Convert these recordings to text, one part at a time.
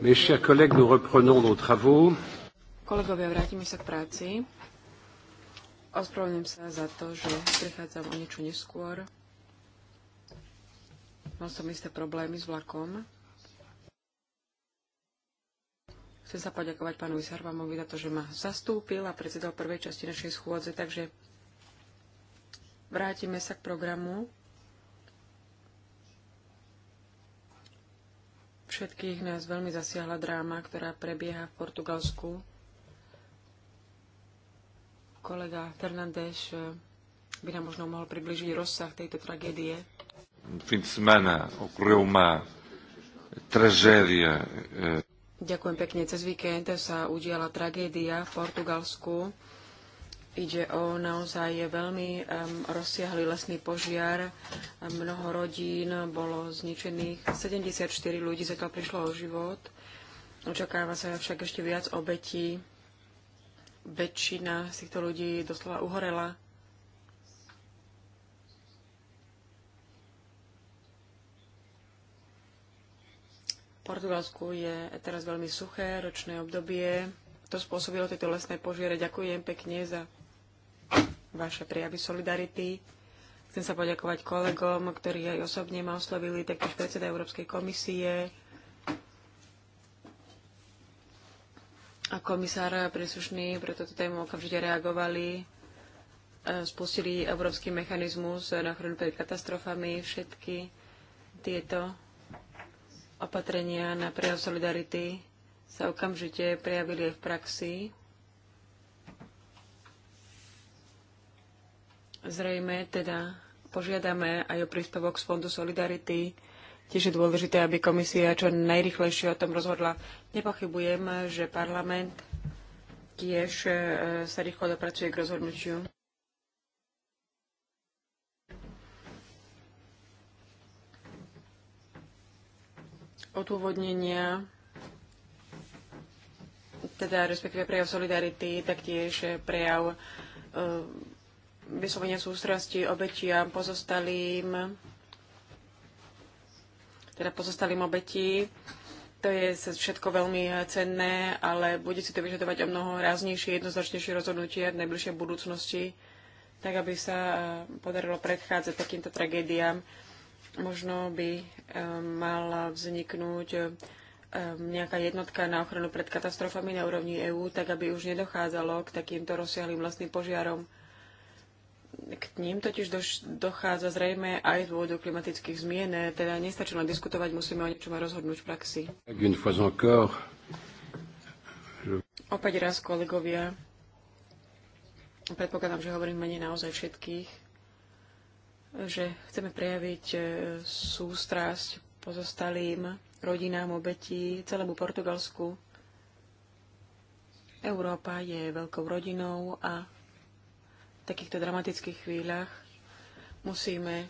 Kolegovia, vrátime sa k práci. Ospravedlňujem sa za to, že prichádzam o niečo neskôr. Mal som isté problémy s vlakom. Chcem sa poďakovať pánovi Sarvamovi za to, že ma zastúpil a predsedal prvej časti našej schôdze, takže vrátime sa k programu. Všetkých nás veľmi zasiahla dráma, ktorá prebieha v Portugalsku. Kolega Fernández eh, by nám možno mohol približiť rozsah tejto tragédie. de semana tragédia. Eh, Ďakujem pekne. Cez víkend sa udiala tragédia v Portugalsku Ide o naozaj veľmi rozsiahly lesný požiar. Mnoho rodín bolo zničených. 74 ľudí zatiaľ prišlo o život. Očakáva sa však ešte viac obetí. Väčšina z týchto ľudí doslova uhorela. V Portugalsku je teraz veľmi suché ročné obdobie. To spôsobilo tieto lesné požiare. Ďakujem pekne za vaše prijavy solidarity. Chcem sa poďakovať kolegom, ktorí aj osobne ma oslovili, taktiež predseda Európskej komisie a komisár príslušný pre túto tému okamžite reagovali. E, spustili európsky mechanizmus na ochranu pred katastrofami. Všetky tieto opatrenia na prejav solidarity sa okamžite prejavili aj v praxi. Zrejme teda požiadame aj o príspevok z Fondu Solidarity. Tiež je dôležité, aby komisia čo najrychlejšie o tom rozhodla. Nepochybujem, že parlament tiež e, sa rýchlo dopracuje k rozhodnutiu. Odôvodnenia, teda respektíve prejav solidarity, taktiež prejav e, vyslovenia sústrasti obetiam pozostalým, teda pozostalým obetí. To je všetko veľmi cenné, ale bude si to vyžadovať o mnoho ráznejšie, jednoznačnejšie rozhodnutie v najbližšej budúcnosti, tak aby sa eh, podarilo predchádzať takýmto tragédiám. Možno by eh, mala vzniknúť eh, nejaká jednotka na ochranu pred katastrofami na úrovni EÚ, tak aby už nedochádzalo k takýmto rozsiahlým vlastným požiarom. K ním totiž dochádza zrejme aj z dôvodu klimatických zmien, teda nestačí len diskutovať, musíme o niečom aj rozhodnúť v praxi. Opäť raz, kolegovia, predpokladám, že hovorím menej naozaj všetkých, že chceme prejaviť e, sústrasť pozostalým rodinám obetí, celému Portugalsku. Európa je veľkou rodinou a takýchto dramatických chvíľach musíme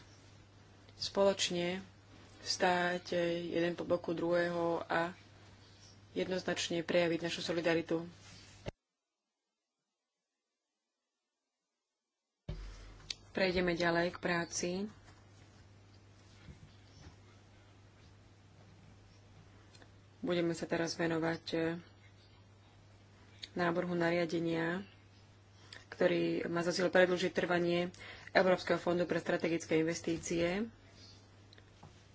spoločne stáť jeden po boku druhého a jednoznačne prejaviť našu solidaritu. Prejdeme ďalej k práci. Budeme sa teraz venovať eh, návrhu nariadenia ktorý má za cieľ predlžiť trvanie Európskeho fondu pre strategické investície.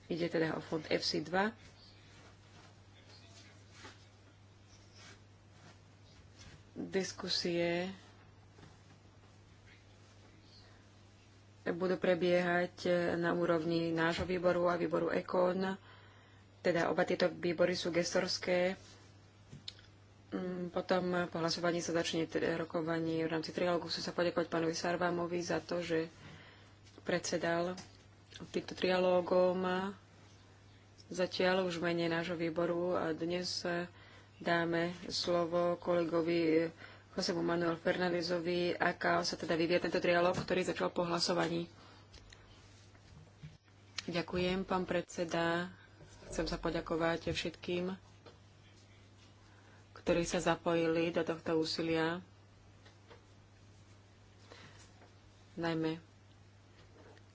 Ide teda o fond FC2. Diskusie budú prebiehať na úrovni nášho výboru a výboru ECON. Teda oba tieto výbory sú gestorské Mm, potom po hlasovaní sa začne rokovanie v rámci trialógu. Chcem sa poďakovať pánovi Sarvámovi za to, že predsedal týmto trialógom zatiaľ už menej mene nášho výboru a dnes dáme slovo kolegovi Josemu Manuel Fernandezovi, aká sa teda vyvie tento trialóg, ktorý začal po hlasovaní. Ďakujem, pán predseda. Chcem sa poďakovať všetkým ktorí sa zapojili do tohto úsilia, najmä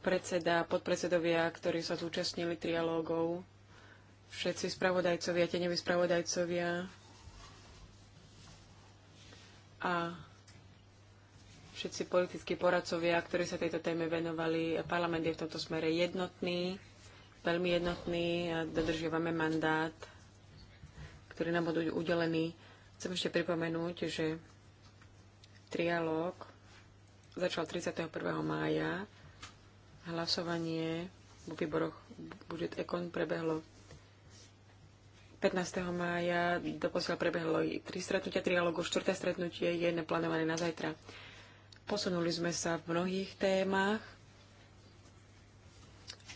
predseda, podpredsedovia, ktorí sa zúčastnili trialógov, všetci spravodajcovia, teneví spravodajcovia a všetci politickí poradcovia, ktorí sa tejto téme venovali. Parlament je v tomto smere jednotný, veľmi jednotný a dodržiavame mandát ktorí nám budú udelení. Chcem ešte pripomenúť, že trialóg začal 31. mája. Hlasovanie vo výboroch budget Ekon prebehlo 15. mája. Doposiaľ prebehlo tri stretnutia trialógu, štvrté stretnutie je neplánované na zajtra. Posunuli sme sa v mnohých témach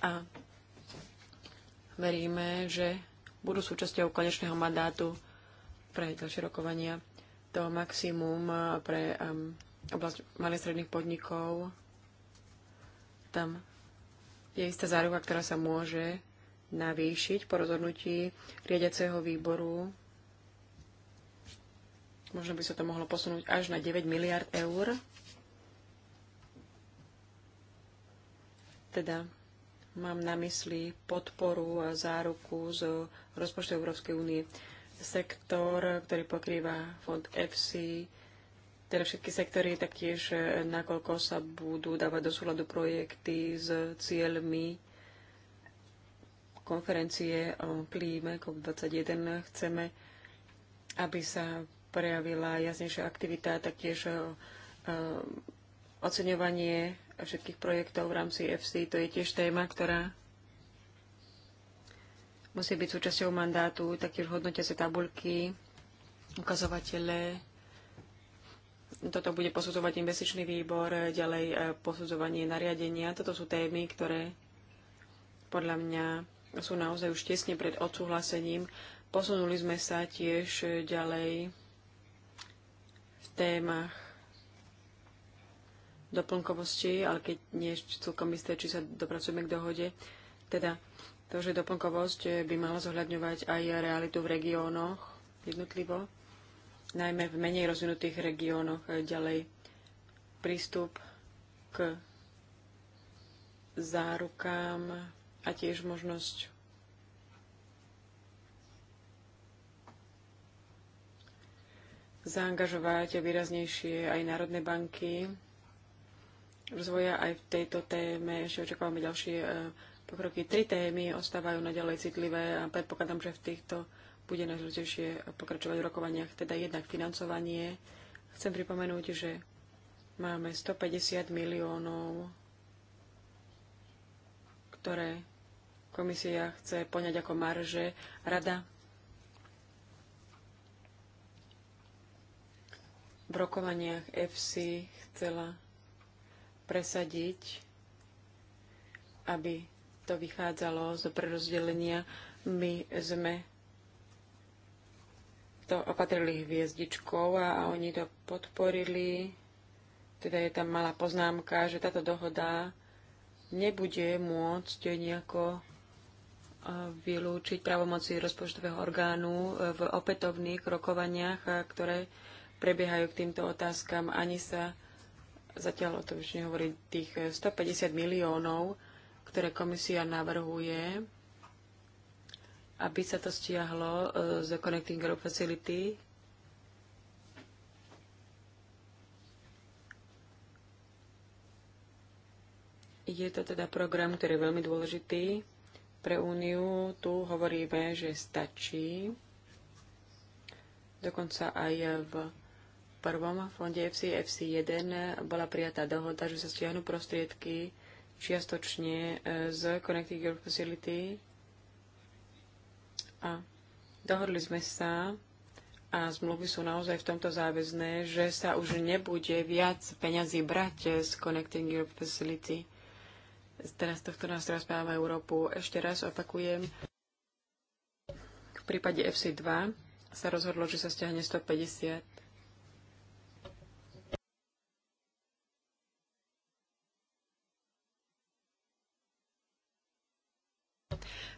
a veríme, že budú súčasťou konečného mandátu pre ďalšie rokovania. To maximum eh, pre um, oblasť malých stredných podnikov, tam je istá záruka, ktorá sa môže navýšiť po rozhodnutí riadiaceho výboru. Možno by sa to mohlo posunúť až na 9 miliard eur. Teda Mám na mysli podporu a záruku z rozpočtu Európskej únie. Sektor, ktorý pokrýva fond EFSI, teda všetky sektory, taktiež eh, nakoľko sa budú dávať do súľadu projekty s cieľmi konferencie o klíme COP21. Chceme, aby sa prejavila jasnejšia aktivita, taktiež eh, Oceňovanie všetkých projektov v rámci FC, to je tiež téma, ktorá musí byť súčasťou mandátu, taktiež hodnotia sa tabulky, ukazovatele. Toto bude posudzovať investičný výbor, ďalej e, posudzovanie nariadenia. Toto sú témy, ktoré podľa mňa sú naozaj už tesne pred odsúhlasením. Posunuli sme sa tiež ďalej v témach doplnkovosti, ale keď nie je celkom isté, či sa dopracujeme k dohode, teda to, že doplnkovosť eh, by mala zohľadňovať aj realitu v regiónoch jednotlivo, najmä v menej rozvinutých regiónoch eh, ďalej prístup k zárukám a tiež možnosť zaangažovať výraznejšie aj národné banky rozvoja aj v tejto téme. Ešte očakávame ďalšie e, pokroky. Tri témy ostávajú naďalej citlivé a predpokladám, že v týchto bude najzložitejšie pokračovať v rokovaniach, teda jednak financovanie. Chcem pripomenúť, že máme 150 miliónov, ktoré komisia chce poňať ako marže. Rada v rokovaniach FC chcela presadiť, aby to vychádzalo z prerozdelenia. My sme to opatrili hviezdičkou a, oni to podporili. Teda je tam malá poznámka, že táto dohoda nebude môcť nejako vylúčiť pravomoci rozpočtového orgánu e, v opätovných rokovaniach, ktoré prebiehajú k týmto otázkam. Ani sa zatiaľ o tom už nehovorí, tých 150 eh, miliónov, ktoré komisia navrhuje, aby sa to stiahlo eh, z Connecting Group Facility, Je to teda program, ktorý je veľmi dôležitý pre Úniu. Tu hovoríme, že stačí. Dokonca aj v prvom fonde FC, FC1 bola prijatá dohoda, že sa stiahnu prostriedky čiastočne e, z Connecting Europe Facility a dohodli sme sa a zmluvy sú naozaj v tomto záväzné, že sa už nebude viac peňazí brať e, z Connecting Europe Facility. Teraz tohto teraz spáva Európu. Ešte raz opakujem. V prípade FC2 sa rozhodlo, že sa stiahne 150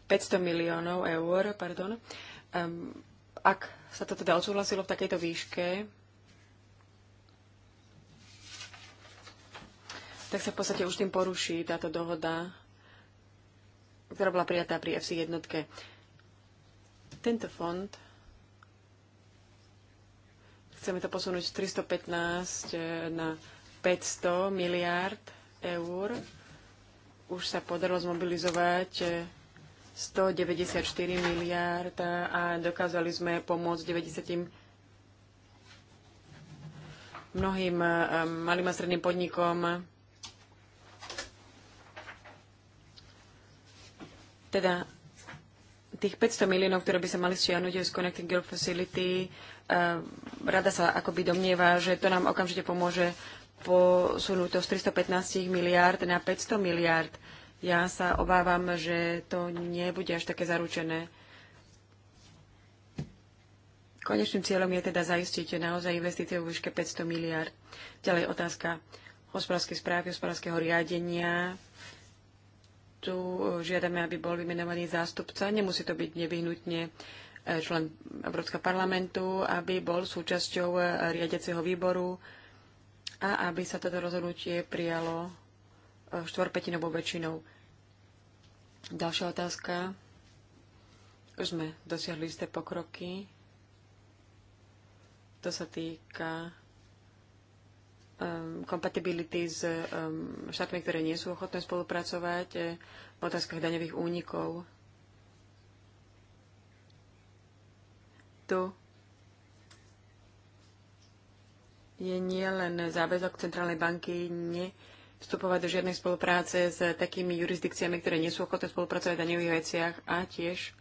500 miliónov eur, pardon. Um, ak sa to teda odsúhlasilo v takejto výške, tak sa v podstate už tým poruší táto dohoda, ktorá bola prijatá pri FC jednotke. Tento fond chceme to posunúť z 315 eh, na 500 miliárd eur. Už sa podarilo zmobilizovať eh, 194 miliárd a dokázali sme pomôcť 90 mnohým um, malým a stredným podnikom. Teda tých 500 miliónov, ktoré by sa mali stiahnuť z Connecting Girl Facility, um, rada sa akoby domnieva, že to nám okamžite pomôže posunúť to z 315 miliárd na 500 miliárd. Ja sa obávam, že to nebude až také zaručené. Konečným cieľom je teda zaistiť naozaj investície v výške 500 miliard. Ďalej otázka hospodárskej správy, hospodárskeho riadenia. Tu žiadame, aby bol vymenovaný zástupca. Nemusí to byť nevyhnutne e, člen Európskeho parlamentu, aby bol súčasťou e, riadiaceho výboru a aby sa toto rozhodnutie prijalo štvorpetinovou väčšinou. Ďalšia otázka. Už sme dosiahli isté pokroky. To sa týka um, kompatibility s um, štátmi, ktoré nie sú ochotné spolupracovať e, v otázkach daňových únikov. Tu je nielen záväzok Centrálnej banky ne, vstupovať do žiadnej spolupráce s takými jurisdikciami, ktoré nie sú ochotné spolupracovať v daňových veciach a tiež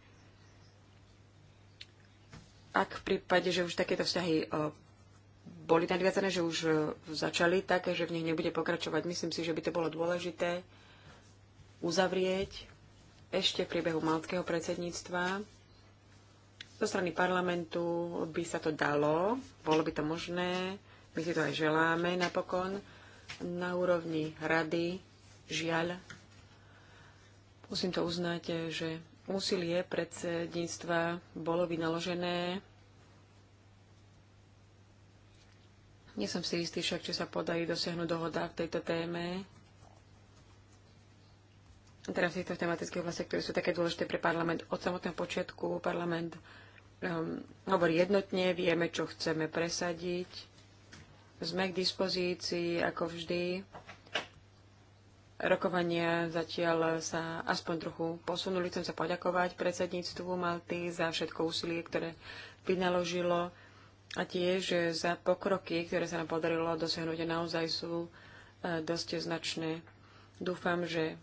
ak v prípade, že už takéto vzťahy e, boli nadviazané, že už e, začali tak, že v nich nebude pokračovať. Myslím si, že by to bolo dôležité uzavrieť ešte v priebehu maltského predsedníctva. Zo strany parlamentu by sa to dalo, bolo by to možné, my si to aj želáme napokon na úrovni rady, žiaľ, musím to uznať, že úsilie predsedníctva bolo vynaložené. Nie som si istý však, či sa podarí dosiahnuť dohoda v tejto téme. Teraz je to v tematických oblastiach, ktoré sú také dôležité pre parlament. Od samotného počiatku parlament um, hovorí jednotne, vieme, čo chceme presadiť sme k dispozícii, ako vždy. Rokovania zatiaľ sa aspoň trochu posunuli. Chcem sa poďakovať predsedníctvu Malty za všetko úsilie, ktoré vynaložilo a tiež za pokroky, ktoré sa nám podarilo dosiahnuť a naozaj sú e, dosť značné. Dúfam, že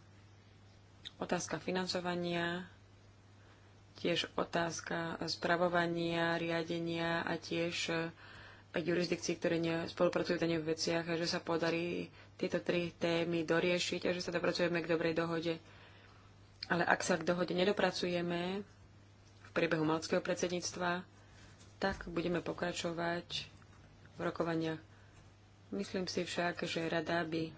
otázka financovania, tiež otázka spravovania, riadenia a tiež e, jurisdikcií, ktoré spolupracujú v daných veciach a že sa podarí tieto tri témy doriešiť a že sa dopracujeme k dobrej dohode. Ale ak sa k dohode nedopracujeme v priebehu malckého predsedníctva, tak budeme pokračovať v rokovaniach. Myslím si však, že rada by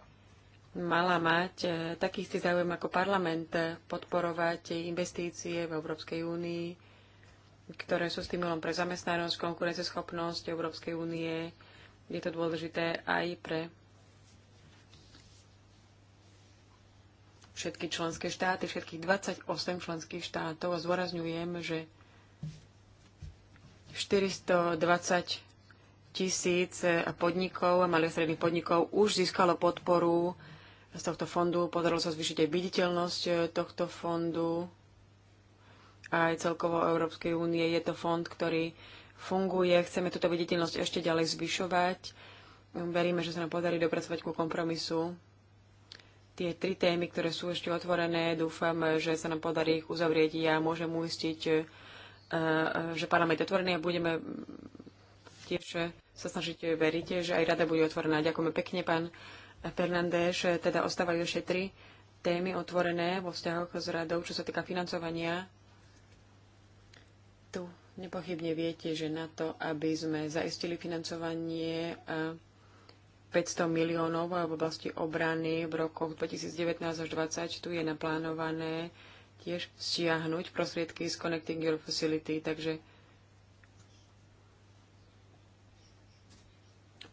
mala mať eh, taký istý záujem ako parlament eh, podporovať investície v Európskej únii, ktoré sú stimulom pre zamestnanosť, konkurenceschopnosť Európskej únie. Je to dôležité aj pre všetky členské štáty, všetkých 28 členských štátov a zdôrazňujem, že 420 tisíc podnikov, malých stredných podnikov už získalo podporu z tohto fondu. Podarilo sa zvýšiť aj viditeľnosť tohto fondu aj celkovo Európskej únie. Je to fond, ktorý funguje. Chceme túto viditeľnosť ešte ďalej zvyšovať. Veríme, že sa nám podarí dopracovať ku kompromisu. Tie tri témy, ktoré sú ešte otvorené, dúfam, že sa nám podarí ich uzavrieť. Ja môžem uistiť, eh, eh, že parlament je otvorený a budeme tiež sa snažiť eh, veriť, že aj rada bude otvorená. Ďakujeme pekne, pán Fernández. Teda ostávajú ešte tri témy otvorené vo vzťahoch s radou, čo sa týka financovania tu nepochybne viete, že na to, aby sme zaistili financovanie 500 e, miliónov v oblasti obrany v rokoch 2019 až 2020, tu je naplánované tiež stiahnuť prostriedky z Connecting Your Facility, takže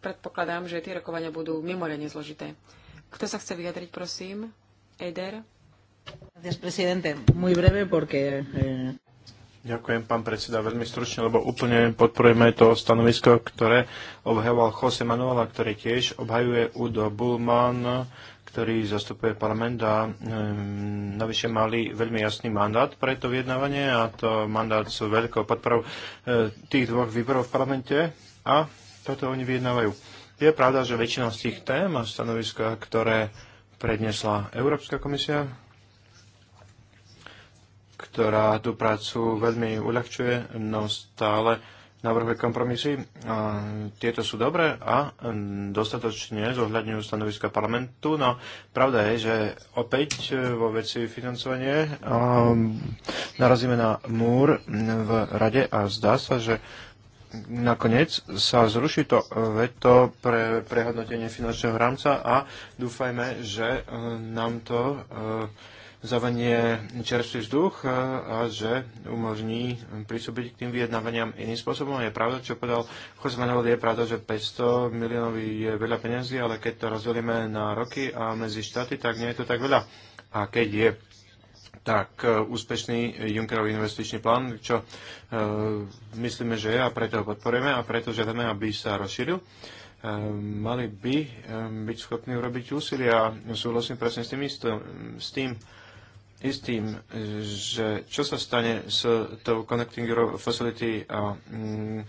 predpokladám, že tie rokovania budú mimoriadne zložité. Kto sa chce vyjadriť, prosím? Eder? Gracias, presidente. Muy breve, porque... Eh... Ďakujem, pán predseda, veľmi stručne, lebo úplne podporujeme to stanovisko, ktoré obhajoval Jose Manuel, ktorý tiež obhajuje Udo Bullman, ktorý zastupuje parlament a um, navyše mali veľmi jasný mandát pre to vyjednávanie a to mandát s veľkou podporou e, tých dvoch výborov v parlamente a toto oni vyjednávajú. Je pravda, že väčšina z tých tém a stanoviska, ktoré prednesla Európska komisia, ktorá tú prácu veľmi uľahčuje, no stále navrhuje kompromisy. A tieto sú dobré a dostatočne zohľadňujú stanoviska parlamentu, no pravda je, že opäť vo veci financovanie narazíme na múr v rade a zdá sa, že nakoniec sa zruší to veto pre prehodnotenie finančného rámca a dúfajme, že e, nám to uh, zavenie čerstvý vzduch a že umožní prísobiť k tým vyjednávaniam iným spôsobom. Je pravda, čo povedal Jose Manuel, je pravda, že 500 miliónov je veľa peniazy, ale keď to rozdelíme na roky a medzi štáty, tak nie je to tak veľa. A keď je tak e, úspešný Junckerov investičný plán, čo e, myslíme, že je a preto ho podporujeme a preto žiadame, aby sa rozšíril e, mali by e, byť schopní urobiť úsilia. Súhlasím presne s tým, istom, s tým istým, že čo sa stane s tou Connecting Euro Facility a mm,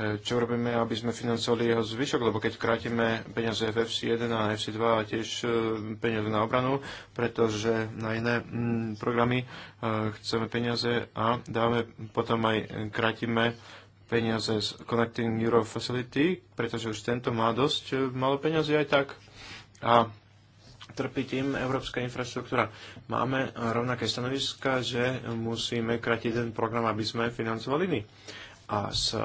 e, čo robíme, aby sme financovali jeho zvyšok, lebo keď krátime peniaze v FC1 a FC2 a tiež e, peniaze na obranu, pretože na iné mm, programy e, chceme peniaze a dáme potom aj krátime peniaze z Connecting Euro Facility, pretože už tento má dosť malo peniaze aj tak. A trpí tým európska infraštruktúra. Máme rovnaké stanoviska, že musíme kratiť ten program, aby sme financovali my. A s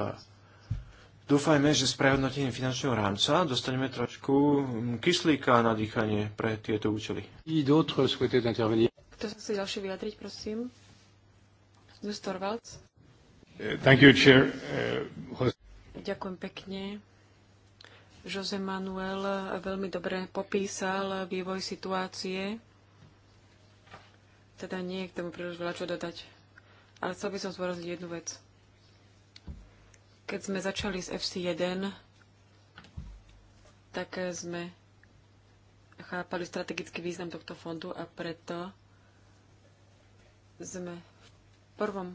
Dúfajme, že s prehodnotením finančného rámca dostaneme trošku kyslíka na dýchanie pre tieto účely. Kto sa chce ďalšie vyjadriť, prosím? Zustor Valc. Eh, Ďakujem pekne. Jose Manuel veľmi dobre popísal vývoj situácie. Teda nie je k tomu príliš veľa čo dodať. Ale chcel by som zvorazniť jednu vec. Keď sme začali s FC1, tak sme chápali strategický význam tohto fondu a preto sme v prvom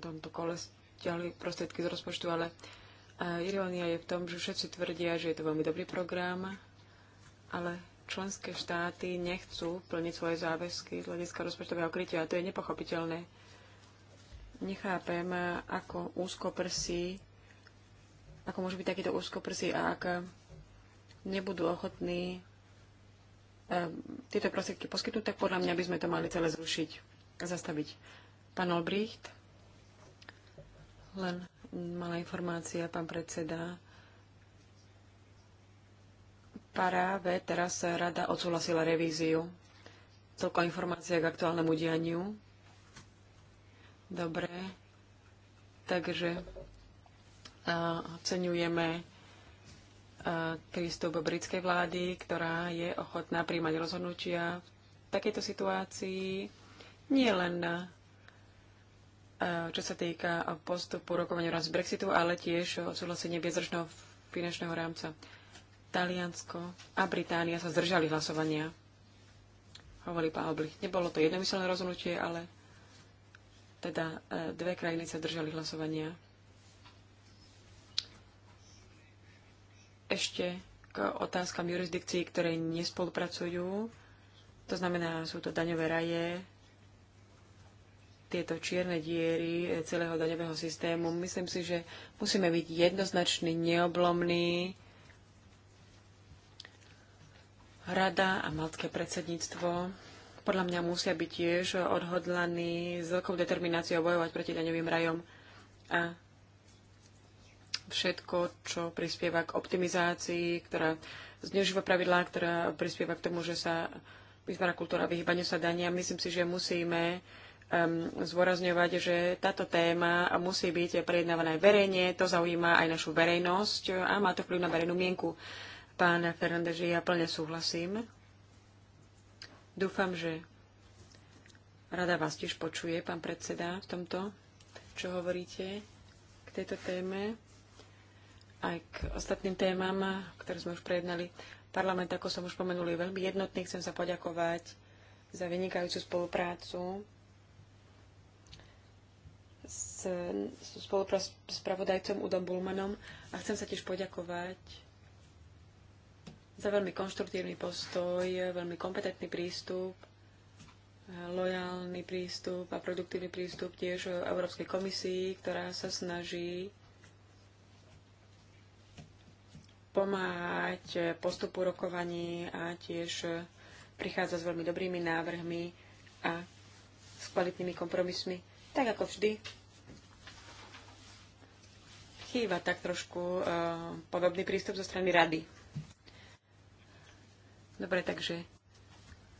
tomto kole stiahli prostriedky z rozpočtu, ale a irónia je v tom, že všetci tvrdia, že je to veľmi dobrý program, ale členské štáty nechcú plniť svoje záväzky z hľadiska rozpočtového krytia. A to je nepochopiteľné. Nechápem, ako úzko prsí, ako môže byť takýto úzko prsí a ak nebudú ochotní ehm, tieto prostriedky poskytnúť, tak podľa mňa by sme to mali celé zrušiť a zastaviť. Pán Olbricht, len malá informácia, pán predseda. Paráve teraz rada odsúhlasila revíziu. Toľko informácia k aktuálnemu dianiu. Dobre. Takže oceňujeme prístup britskej vlády, ktorá je ochotná príjmať rozhodnutia v takejto situácii nie len čo sa týka postupu rokovania v rámci Brexitu, ale tiež súhlasenie viacročného finančného rámca. Taliansko a Británia sa zdržali hlasovania, hovorí pán Oblich. Nebolo to jednomyselné rozhodnutie, ale teda e, dve krajiny sa zdržali hlasovania. Ešte k otázkam jurisdikcií, ktoré nespolupracujú. To znamená, sú to daňové raje, tieto čierne diery eh, celého daňového systému. Myslím si, že musíme byť jednoznačný, neoblomný. Rada a maltské predsedníctvo podľa mňa musia byť tiež odhodlaní s veľkou determináciou bojovať proti daňovým rajom a všetko, čo prispieva k optimizácii, ktorá zneužíva pravidlá, ktorá prispieva k tomu, že sa vyzvára kultúra vyhýbania sa dania. Myslím si, že musíme Um, zvorazňovať, že táto téma musí byť prejednávaná aj verejne, to zaujíma aj našu verejnosť a má to vplyv na verejnú mienku. Pán Fernández, ja plne súhlasím. Dúfam, že rada vás tiež počuje, pán predseda, v tomto, čo hovoríte k tejto téme aj k ostatným témam, ktoré sme už prejednali. Parlament, ako som už pomenul, je veľmi jednotný. Chcem sa poďakovať za vynikajúcu spoluprácu s spolupravodajcom Udom Bulmanom a chcem sa tiež poďakovať za veľmi konštruktívny postoj, veľmi kompetentný prístup, lojálny prístup a produktívny prístup tiež Európskej komisii, ktorá sa snaží pomáhať postupu rokovaní a tiež prichádza s veľmi dobrými návrhmi a s kvalitnými kompromismi. Tak ako vždy, chýba tak trošku eh, podobný prístup zo strany rady. Dobre, takže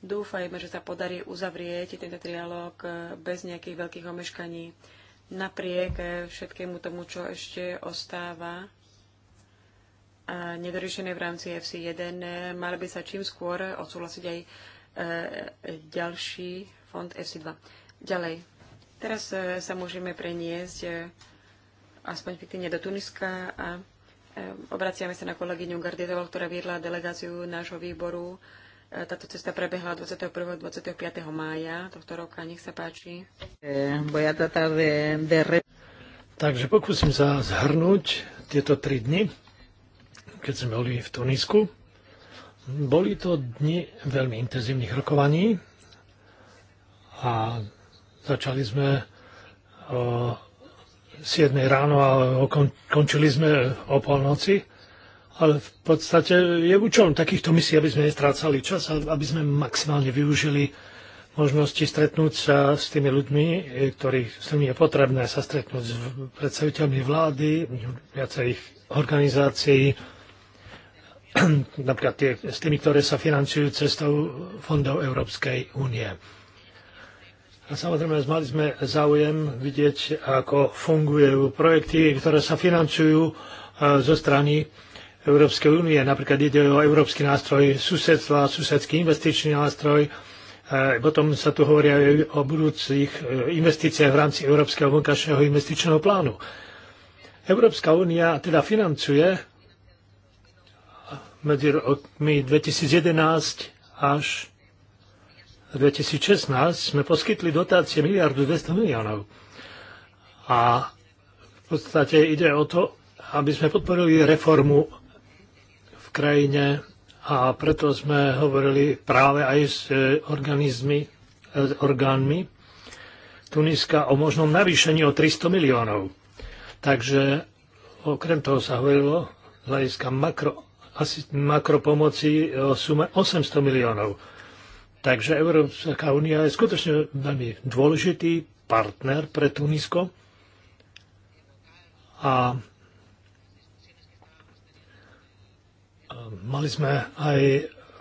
dúfajme, že sa podarí uzavrieť tento trialóg eh, bez nejakých veľkých omeškaní. Napriek eh, všetkému tomu, čo ešte ostáva nedoriešené v rámci FC1, Mali by sa čím skôr odsúhlasiť aj ďalší fond FC2. Ďalej. Teraz sa môžeme preniesť aspoň fiktívne do Tuniska a obraciame sa na kolegyňu Gardietovou, ktorá viedla delegáciu nášho výboru. E, táto cesta prebehla 21. 25. mája tohto roka. Nech sa páči. Eh, Takže pokúsim sa zhrnúť tieto tri dni, keď sme boli v Tunisku. Boli to dni veľmi intenzívnych rokovaní a začali sme eh, 7 ráno a končili sme o polnoci. Ale v podstate je účelom takýchto misií, aby sme nestrácali čas a aby sme maximálne využili možnosti stretnúť sa s tými ľuďmi, ktorých s nimi je potrebné sa stretnúť s predstaviteľmi vlády, viacerých organizácií, napríklad tie, s tými, ktoré sa financujú cestou fondov Európskej únie. A samozrejme, mali sme záujem vidieť, ako fungujú projekty, ktoré sa financujú e, zo strany Európskej únie. Napríklad ide o Európsky nástroj susedstva, susedský investičný nástroj. E, potom sa tu hovorí aj o budúcich e, investíciách v rámci Európskeho vonkajšieho investičného plánu. Európska únia teda financuje medzi rokmi 2011 až 2016 sme poskytli dotácie miliardu 200 miliónov. A v podstate ide o to, aby sme podporili reformu v krajine a preto sme hovorili práve aj s e, organizmi, e, s orgánmi Tuniska o možnom navýšení o 300 miliónov. Takže okrem toho sa hovorilo z hľadiska makro, asi makropomoci e, o sume 800 miliónov. Takže Európska únia je skutočne veľmi dôležitý partner pre Tunisko a e, mali sme aj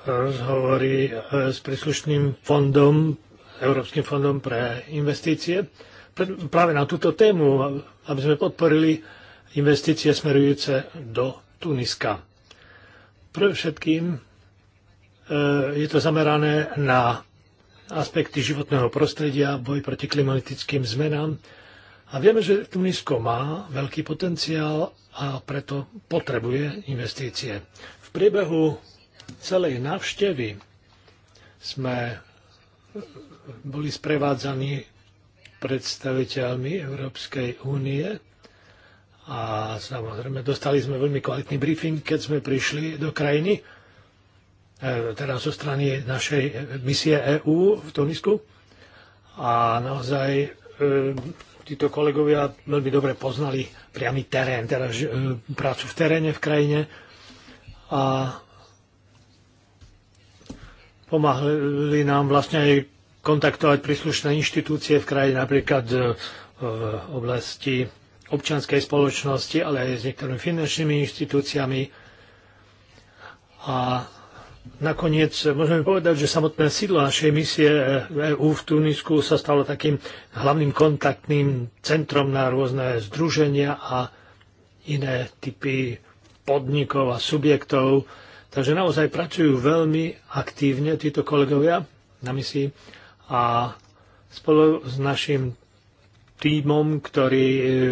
rozhovory e, s príslušným fondom, Európskym fondom pre investície, práve na túto tému, aby sme podporili investície smerujúce do Tuniska. Pre všetkým je to zamerané na aspekty životného prostredia, boj proti klimatickým zmenám. A vieme, že Tunisko má veľký potenciál a preto potrebuje investície. V priebehu celej návštevy sme boli sprevádzaní predstaviteľmi Európskej únie a samozrejme dostali sme veľmi kvalitný briefing, keď sme prišli do krajiny teda zo strany našej misie EÚ v Tunisku. A naozaj e, títo kolegovia veľmi dobre poznali priamy terén, teda e, prácu v teréne v krajine a pomáhali nám vlastne aj kontaktovať príslušné inštitúcie v krajine, napríklad v oblasti občianskej spoločnosti, ale aj s niektorými finančnými inštitúciami. A nakoniec môžeme povedať, že samotné sídlo našej misie EU v Tunisku sa stalo takým hlavným kontaktným centrom na rôzne združenia a iné typy podnikov a subjektov. Takže naozaj pracujú veľmi aktívne títo kolegovia na misii a spolu s našim týmom, ktorý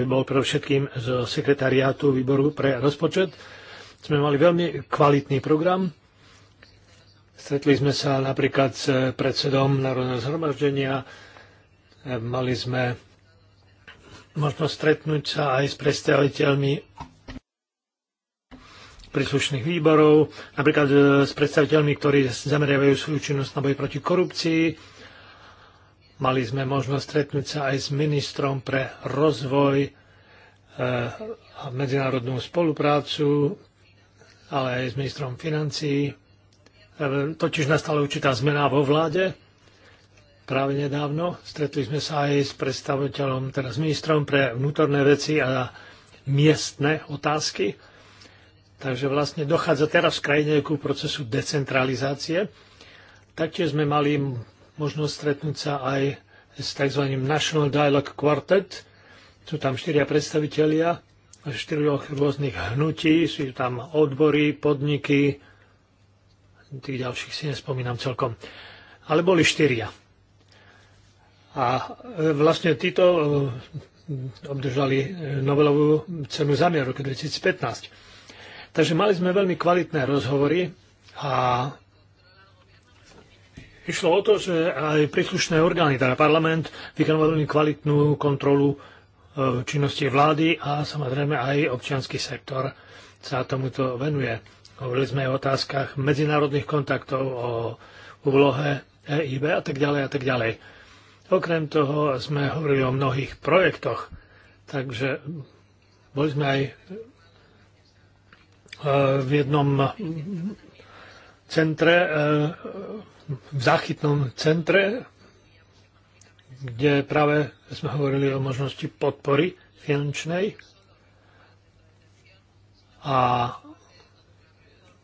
bol pre všetkým z sekretariátu výboru pre rozpočet, sme mali veľmi kvalitný program Stretli sme sa napríklad s predsedom Národného zhromaždenia, mali sme možnosť stretnúť sa aj s predstaviteľmi príslušných výborov, napríklad e, s predstaviteľmi, ktorí zameriavajú svoju činnosť na boj proti korupcii. Mali sme možnosť stretnúť sa aj s ministrom pre rozvoj e, a medzinárodnú spoluprácu, ale aj s ministrom financií Ehm, totiž nastala určitá zmena vo vláde. Práve nedávno stretli sme sa aj s predstaviteľom, teda s ministrom pre vnútorné veci a miestne otázky. Takže vlastne dochádza teraz v krajine ku procesu decentralizácie. Taktiež sme mali možnosť stretnúť sa aj s tzv. National Dialogue Quartet. Sú tam štyria predstavitelia štyroch rôznych hnutí, sú tam odbory, podniky, tých ďalších si nespomínam celkom. Ale boli štyria. A e, vlastne títo e, obdržali e, Novelovú cenu za mier roku 2015. Takže mali sme veľmi kvalitné rozhovory a išlo o to, že aj príslušné orgány, teda parlament, vykonovali veľmi kvalitnú kontrolu činnosti vlády a samozrejme aj občianský sektor sa tomuto venuje. Hovorili sme o otázkach medzinárodných kontaktov, o úlohe EIB a tak ďalej a tak ďalej. Okrem toho sme hovorili o mnohých projektoch, takže boli sme aj e, v jednom centre, e, v záchytnom centre, kde práve sme hovorili o možnosti podpory finančnej a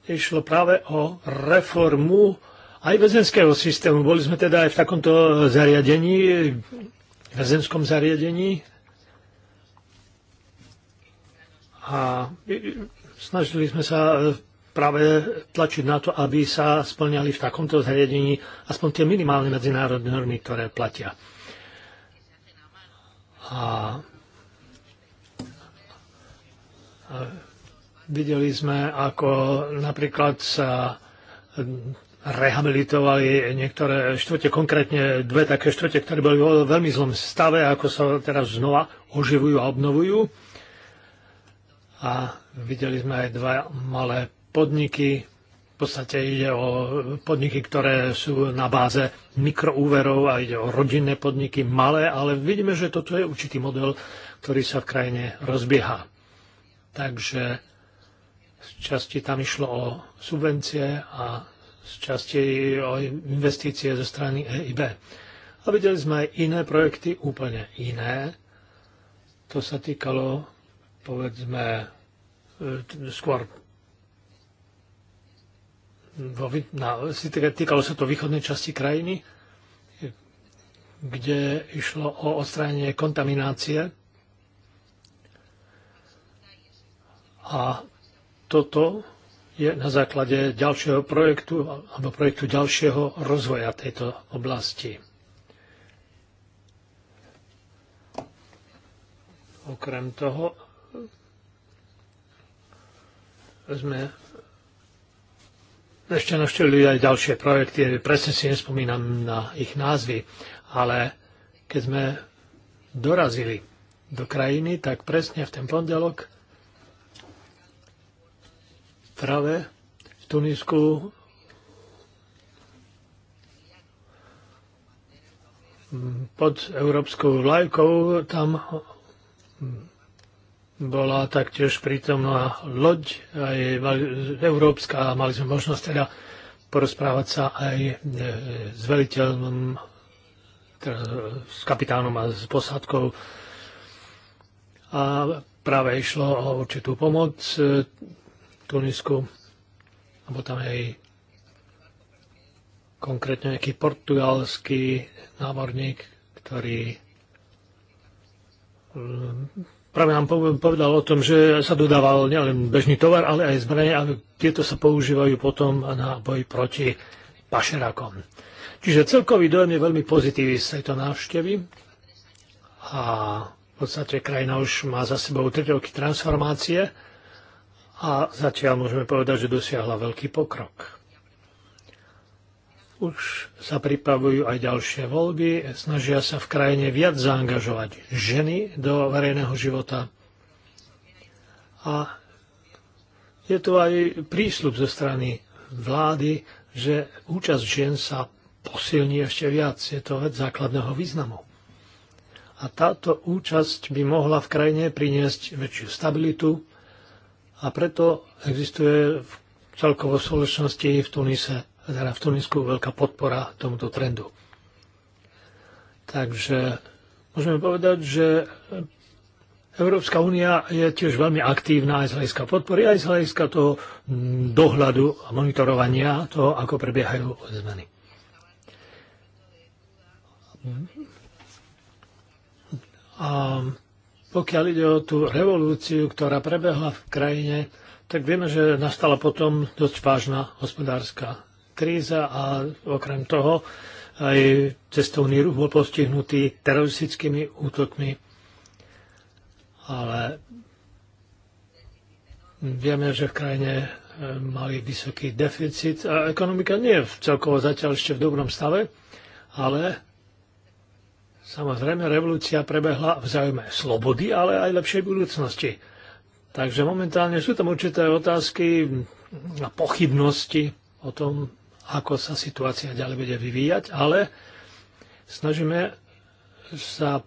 išlo práve o reformu aj väzenského systému. Boli sme teda aj v takomto zariadení, väzenskom zariadení. A snažili sme sa práve tlačiť na to, aby sa splňali v takomto zariadení aspoň tie minimálne medzinárodné normy, ktoré platia. A, a Videli sme, ako napríklad sa rehabilitovali niektoré štvrte, konkrétne dve také štvrte, ktoré boli vo veľmi zlom stave, ako sa teraz znova oživujú a obnovujú. A videli sme aj dva malé podniky. V podstate ide o podniky, ktoré sú na báze mikroúverov a ide o rodinné podniky, malé, ale vidíme, že toto je určitý model, ktorý sa v krajine rozbieha. Takže z časti tam išlo o subvencie a z časti o investície zo strany EIB. A videli sme aj iné projekty, úplne iné. To sa týkalo, povedzme, e, skôr vo, na, týkalo sa to východnej časti krajiny, kde išlo o odstránenie kontaminácie. A toto je na základe ďalšieho projektu alebo projektu ďalšieho rozvoja tejto oblasti. Okrem toho sme ešte navštívili aj ďalšie projekty, presne si nespomínam na ich názvy, ale keď sme dorazili do krajiny, tak presne v ten pondelok Prave, v Tunisku pod európskou vlajkou tam bola taktiež prítomná loď, aj európska, a mali sme možnosť teda porozprávať sa aj e, s veliteľom, teda s kapitánom a s posádkou. A práve išlo o určitú pomoc e, Tunisku, alebo tam je aj konkrétne nejaký portugalský námorník, ktorý hm, práve nám povedal o tom, že sa dodával nielen bežný tovar, ale aj zbranie a tieto sa používajú potom na boj proti pašerakom. Čiže celkový dojem je veľmi pozitívny z tejto návštevy a v podstate krajina už má za sebou tri roky transformácie a zatiaľ môžeme povedať, že dosiahla veľký pokrok. Už sa pripravujú aj ďalšie voľby, snažia sa v krajine viac zaangažovať ženy do verejného života a je tu aj prísľub zo strany vlády, že účasť žien sa posilní ešte viac. Je to vec základného významu. A táto účasť by mohla v krajine priniesť väčšiu stabilitu a preto existuje v celkovo spoločnosti v Tunise, teda v Tunisku veľká podpora tomuto trendu. Takže môžeme povedať, že Európska únia je tiež veľmi aktívna aj z hľadiska podpory, aj z hľadiska toho dohľadu a monitorovania toho, ako prebiehajú zmeny. A pokiaľ ide o tú revolúciu, ktorá prebehla v krajine, tak vieme, že nastala potom dosť vážna hospodárska kríza a okrem toho aj cestovný ruch bol postihnutý teroristickými útokmi. Ale vieme, že v krajine eh, mali vysoký deficit a ekonomika nie je celkovo zatiaľ ešte v dobrom stave, ale Samozrejme, revolúcia prebehla v záujme slobody, ale aj lepšej budúcnosti. Takže momentálne sú tam určité otázky a pochybnosti o tom, ako sa situácia ďalej bude vyvíjať, ale snažíme sa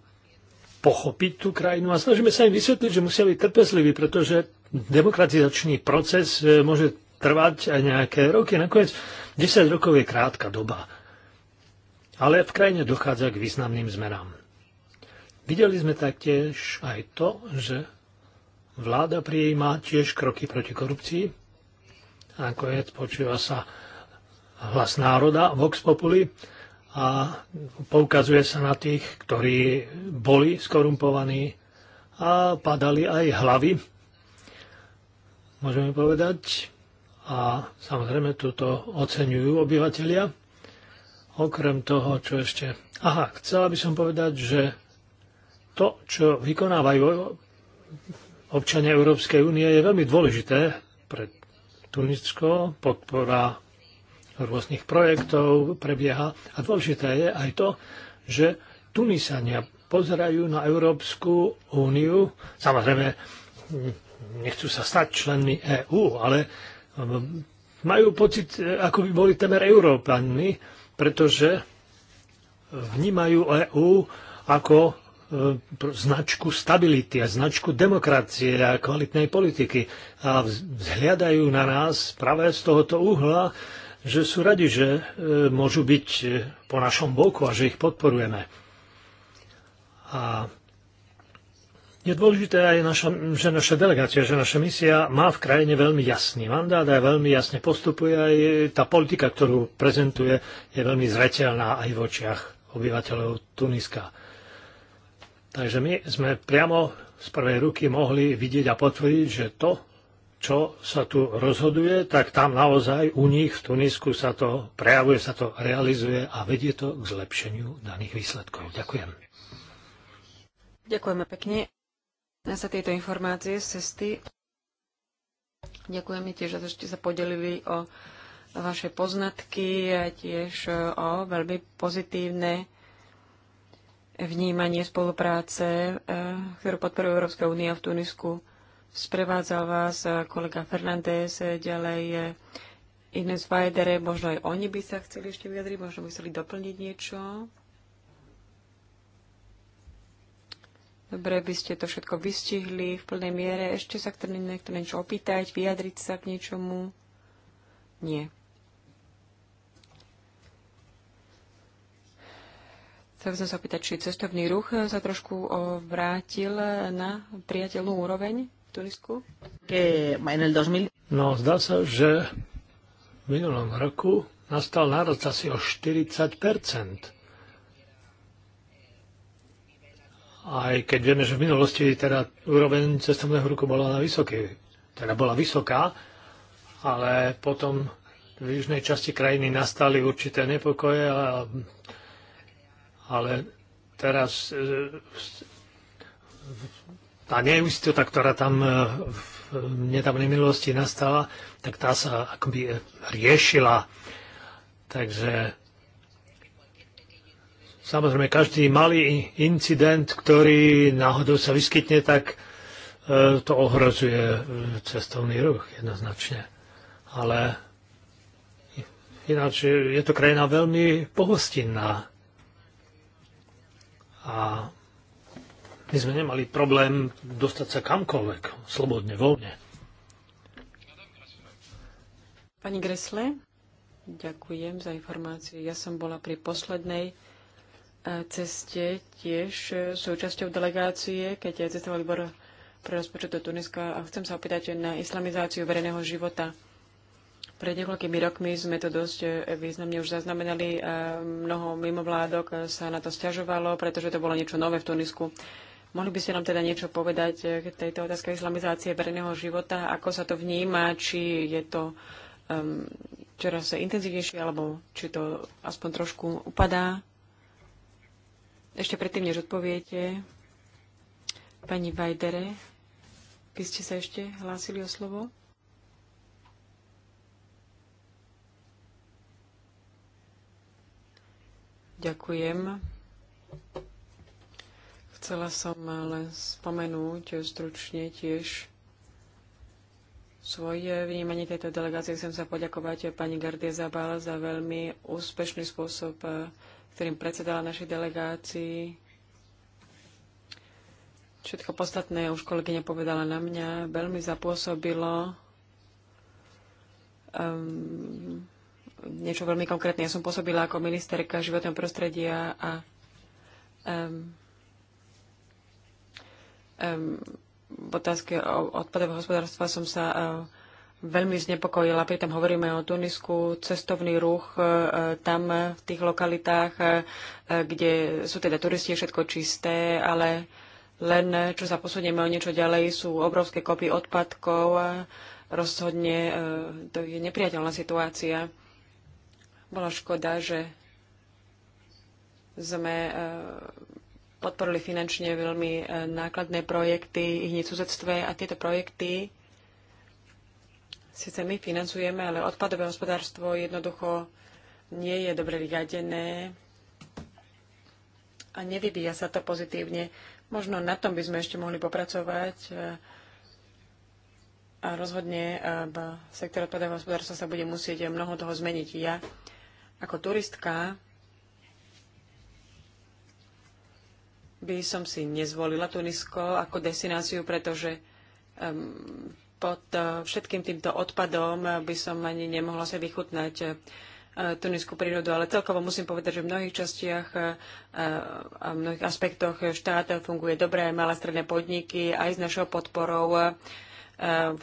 pochopiť tú krajinu a snažíme sa im vysvetliť, že musia byť trpezliví, pretože demokratizačný proces e, môže trvať aj nejaké roky. Nakoniec 10 rokov je krátka doba ale v krajine dochádza k významným zmenám. Videli sme taktiež aj to, že vláda prijíma tiež kroky proti korupcii. Ako počúva sa hlas národa, Vox Populi, a poukazuje sa na tých, ktorí boli skorumpovaní a padali aj hlavy, môžeme povedať. A samozrejme toto oceňujú obyvateľia. Okrem toho, čo ešte... Aha, chcela by som povedať, že to, čo vykonávajú občania Európskej únie, je veľmi dôležité pre Tunisko. Podpora rôznych projektov prebieha. A dôležité je aj to, že Tunisania pozerajú na Európsku úniu. Samozrejme, nechcú sa stať členmi EÚ, ale um, majú pocit, ako by boli temer Európanmi pretože vnímajú EÚ ako e, značku stability a značku demokracie a kvalitnej politiky a vzhľadajú na nás práve z tohoto uhla, že sú radi, že e, môžu byť e, po našom boku a že ich podporujeme. A je dôležité aj, naša, že naša delegácia, že naša misia má v krajine veľmi jasný mandát a veľmi jasne postupuje aj tá politika, ktorú prezentuje, je veľmi zreteľná aj v očiach obyvateľov Tuniska. Takže my sme priamo z prvej ruky mohli vidieť a potvrdiť, že to, čo sa tu rozhoduje, tak tam naozaj u nich v Tunisku sa to prejavuje, sa to realizuje a vedie to k zlepšeniu daných výsledkov. Ďakujem. Ďakujeme pekne za tieto informácie z cesty. Ďakujem tiež, že ste sa podelili o vaše poznatky a tiež e, o veľmi pozitívne vnímanie spolupráce, e, ktorú podporuje Európska únia v Tunisku. Sprevádzal vás e, kolega Fernández, ďalej Ines Vajdere, možno aj oni by sa chceli ešte vyjadriť, možno by chceli doplniť niečo. Dobre by ste to všetko vystihli v plnej miere. Ešte sa chcem niekto niečo opýtať, vyjadriť sa k niečomu? Nie. Chcel som sa pýtať, či cestovný ruch sa trošku vrátil na priateľnú úroveň v Tunisku? No, zdá sa, že v minulom roku nastal nárast asi o 40 Aj keď vieme, že v minulosti teda úroveň cestovného ruku bola na vysoké. teda bola vysoká, ale potom v južnej časti krajiny nastali určité nepokoje, a, ale teraz tá e, neistota, ktorá tam e, v nedávnej minulosti nastala, tak tá sa akoby riešila. Takže Samozrejme, každý malý incident, ktorý náhodou sa vyskytne, tak e, to ohrozuje e, cestovný ruch jednoznačne. Ale ináč je to krajina veľmi pohostinná. A my sme nemali problém dostať sa kamkoľvek, slobodne, voľne. Pani Gresle, ďakujem za informáciu. Ja som bola pri poslednej ceste tiež súčasťou delegácie, keď je cestoval výbor pre rozpočet do Tuniska a chcem sa opýtať na islamizáciu verejného života. Pred niekoľkými rokmi sme to dosť významne už zaznamenali. Mnoho mimovládok sa na to stiažovalo, pretože to bolo niečo nové v Tunisku. Mohli by ste nám teda niečo povedať k tejto otázke islamizácie verejného života? Ako sa to vníma? Či je to um, čoraz intenzívnejšie, alebo či to aspoň trošku upadá? Ešte predtým, než odpoviete, pani Bajdere, vy ste sa ešte hlásili o slovo? Ďakujem. Chcela som len spomenúť stručne tiež svoje vnímanie tejto delegácie. Chcem sa poďakovať pani Gardia Zabal za veľmi úspešný spôsob ktorým predsedala našej delegácii. Všetko podstatné už kolegyňa povedala na mňa. Veľmi zapôsobilo um, niečo veľmi konkrétne. Ja som pôsobila ako ministerka životného prostredia a um, um, v otázke odpadového hospodárstva som sa uh, veľmi znepokojila. Pritom hovoríme o Tunisku, cestovný ruch e, tam e, v tých lokalitách, e, kde sú teda turisti všetko čisté, ale len čo sa posunieme o niečo ďalej, sú obrovské kopy odpadkov. Rozhodne to je nepriateľná situácia. Bola škoda, že sme podporili finančne veľmi nákladné projekty, v nesúzectve a tieto projekty Sice my financujeme, ale odpadové hospodárstvo jednoducho nie je dobre riadené a nevyvíja sa to pozitívne. Možno na tom by sme ešte mohli popracovať e, a rozhodne e, v sektore odpadového hospodárstva sa bude musieť mnoho toho zmeniť. Ja ako turistka by som si nezvolila Tunisko ako destináciu, pretože pod e, všetkým týmto odpadom by som ani nemohla sa vychutnať e, tuniskú prírodu, ale celkovo musím povedať, že v mnohých častiach e, a v mnohých aspektoch štát funguje dobre, malé stredné podniky aj s našou podporou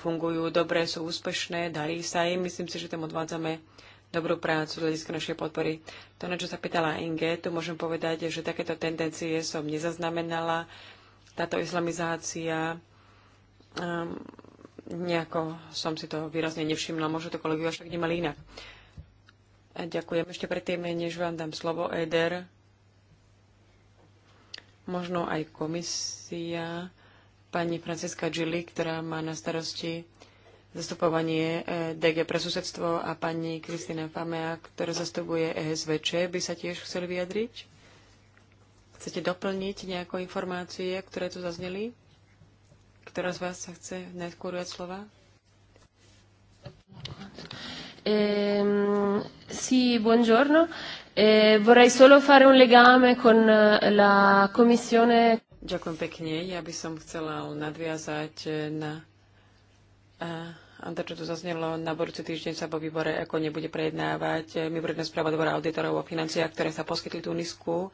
fungujú dobre, sú úspešné, darí sa im. Myslím si, že tam odvádzame dobrú prácu z hľadiska našej podpory. To, na čo sa pýtala Inge, tu môžem povedať, že takéto tendencie som nezaznamenala. Táto islamizácia um, Nejako som si to výrazne nevšimla, možno to kolegy však nemali inak. A ďakujem ešte predtým, než vám dám slovo, Eder. Možno aj komisia pani Franciska Gilly, ktorá má na starosti zastupovanie e, DG pre susedstvo a pani Kristina Famea, ktorá zastupuje ESVČ, by sa tiež chceli vyjadriť? Chcete doplniť nejaké informácie, ktoré tu zazneli? Ktorá z vás sa chce najskôr viac slova? Eh, sì, buongiorno. Eh, vorrei solo fare un legame con eh, la commissione. Ďakujem pekne. Ja by som chcela nadviazať eh, na a čo tu zaznelo, na budúci týždeň sa vo výbore ako e nebude prejednávať eh, mimoriadná správa dvora auditorov o financiách, ktoré sa poskytli Tunisku. Tu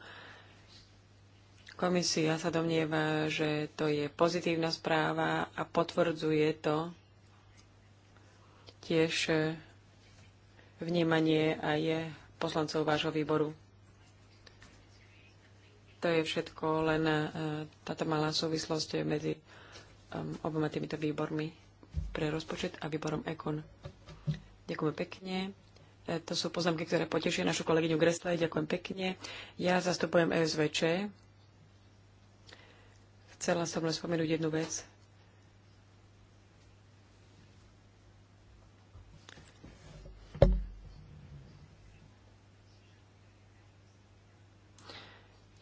Komisia sa domnieva, že to je pozitívna správa a potvrdzuje to tiež eh, vnímanie aj poslancov vášho výboru. To je všetko, len eh, táto malá súvislosť medzi oboma týmito výbormi pre rozpočet a výborom EKON. Ďakujem pekne. Eh, to sú poznámky, ktoré potešia našu kolegyňu Gresle. Ďakujem pekne. Ja zastupujem ESVČ, Chcela som len spomenúť jednu vec.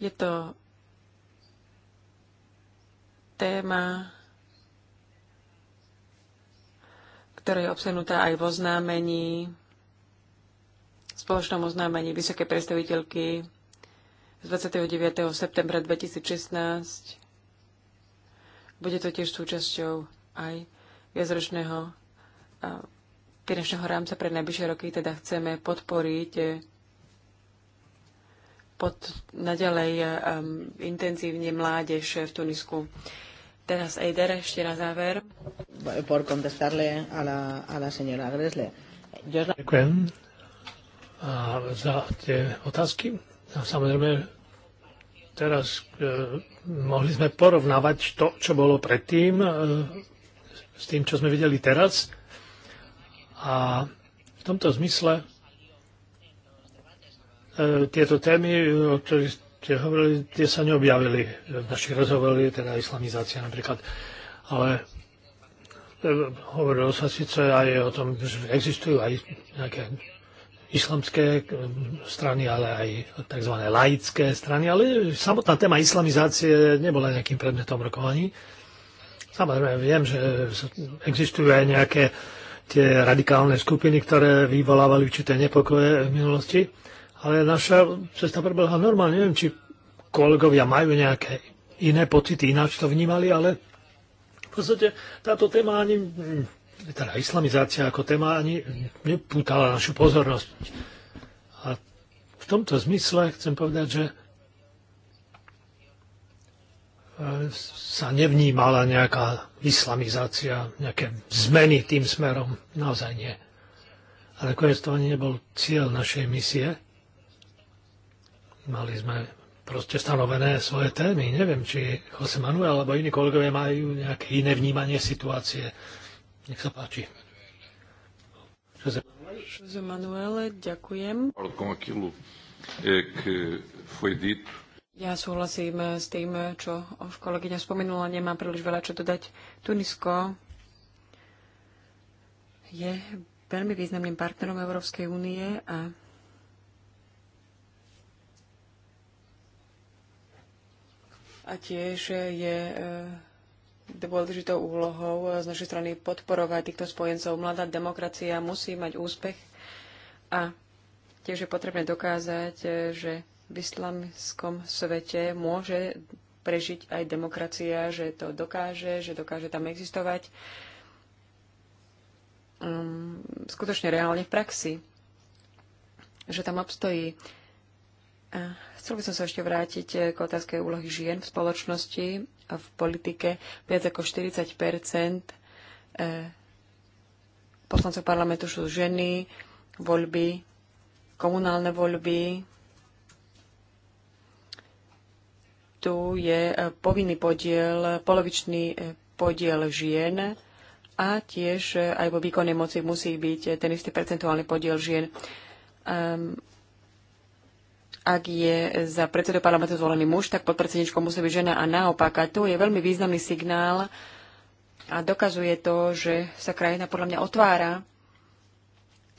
Je to téma, ktorá je obsenutá aj v oznámení, spoločnom oznámení vysokej predstaviteľky z 29. septembra 2016 bude to tiež súčasťou aj viacročného finančného rámca pre najbližšie roky, teda chceme podporiť e, pod, naďalej um, intenzívne mládež v Tunisku. Teraz Eider, ešte na záver. Por contestarle a la, a la señora Gresle. Yo... Ďakujem a za tie otázky. A samozrejme, teraz e, mohli sme porovnávať to, čo bolo predtým e, s tým, čo sme videli teraz. A v tomto zmysle e, tieto témy, o ktorých ste hovorili, tie sa neobjavili v našich rozhovoroch, teda islamizácia napríklad. Ale e, hovorilo sa síce aj o tom, že existujú aj nejaké islamské eh, strany, ale aj tzv. laické strany, ale samotná téma islamizácie nebola nejakým predmetom rokovaní. Samozrejme, viem, že existujú aj nejaké tie radikálne skupiny, ktoré vyvolávali určité nepokoje v minulosti, ale naša cesta prebehla normálne. Neviem, či kolegovia majú nejaké iné pocity, ináč to vnímali, ale v podstate táto téma ani teda islamizácia ako téma ani nepútala našu pozornosť. A v tomto zmysle chcem povedať, že e, sa nevnímala nejaká islamizácia, nejaké zmeny tým smerom. Naozaj nie. A nakoniec to ani nebol cieľ našej misie. Mali sme proste stanovené svoje témy. Neviem, či Jose Manuel alebo iní kolegovia majú nejaké iné vnímanie situácie. Nech sa páči. José Manuele, ďakujem. Eh, ja súhlasím s tým, čo už kolegyňa spomenula, nemám príliš veľa čo dodať. Tunisko je veľmi významným partnerom Európskej únie a a tiež je eh, dôležitou úlohou z našej strany podporovať týchto spojencov. Mladá demokracia musí mať úspech a tiež je potrebné dokázať, že v islamskom svete môže prežiť aj demokracia, že to dokáže, že dokáže tam existovať um, skutočne reálne v praxi, že tam obstojí. A chcel by som sa ešte vrátiť k otázke úlohy žien v spoločnosti v politike viac ako 40 eh, poslancov parlamentu sú ženy, voľby, komunálne voľby. Tu je eh, povinný podiel, polovičný eh, podiel žien a tiež aj vo výkonnej moci musí byť ten istý percentuálny podiel žien. Ehm, ak je za predsedu parlamentu zvolený muž, tak podpredsedničkou musí byť žena a naopak. A tu je veľmi významný signál a dokazuje to, že sa krajina podľa mňa otvára.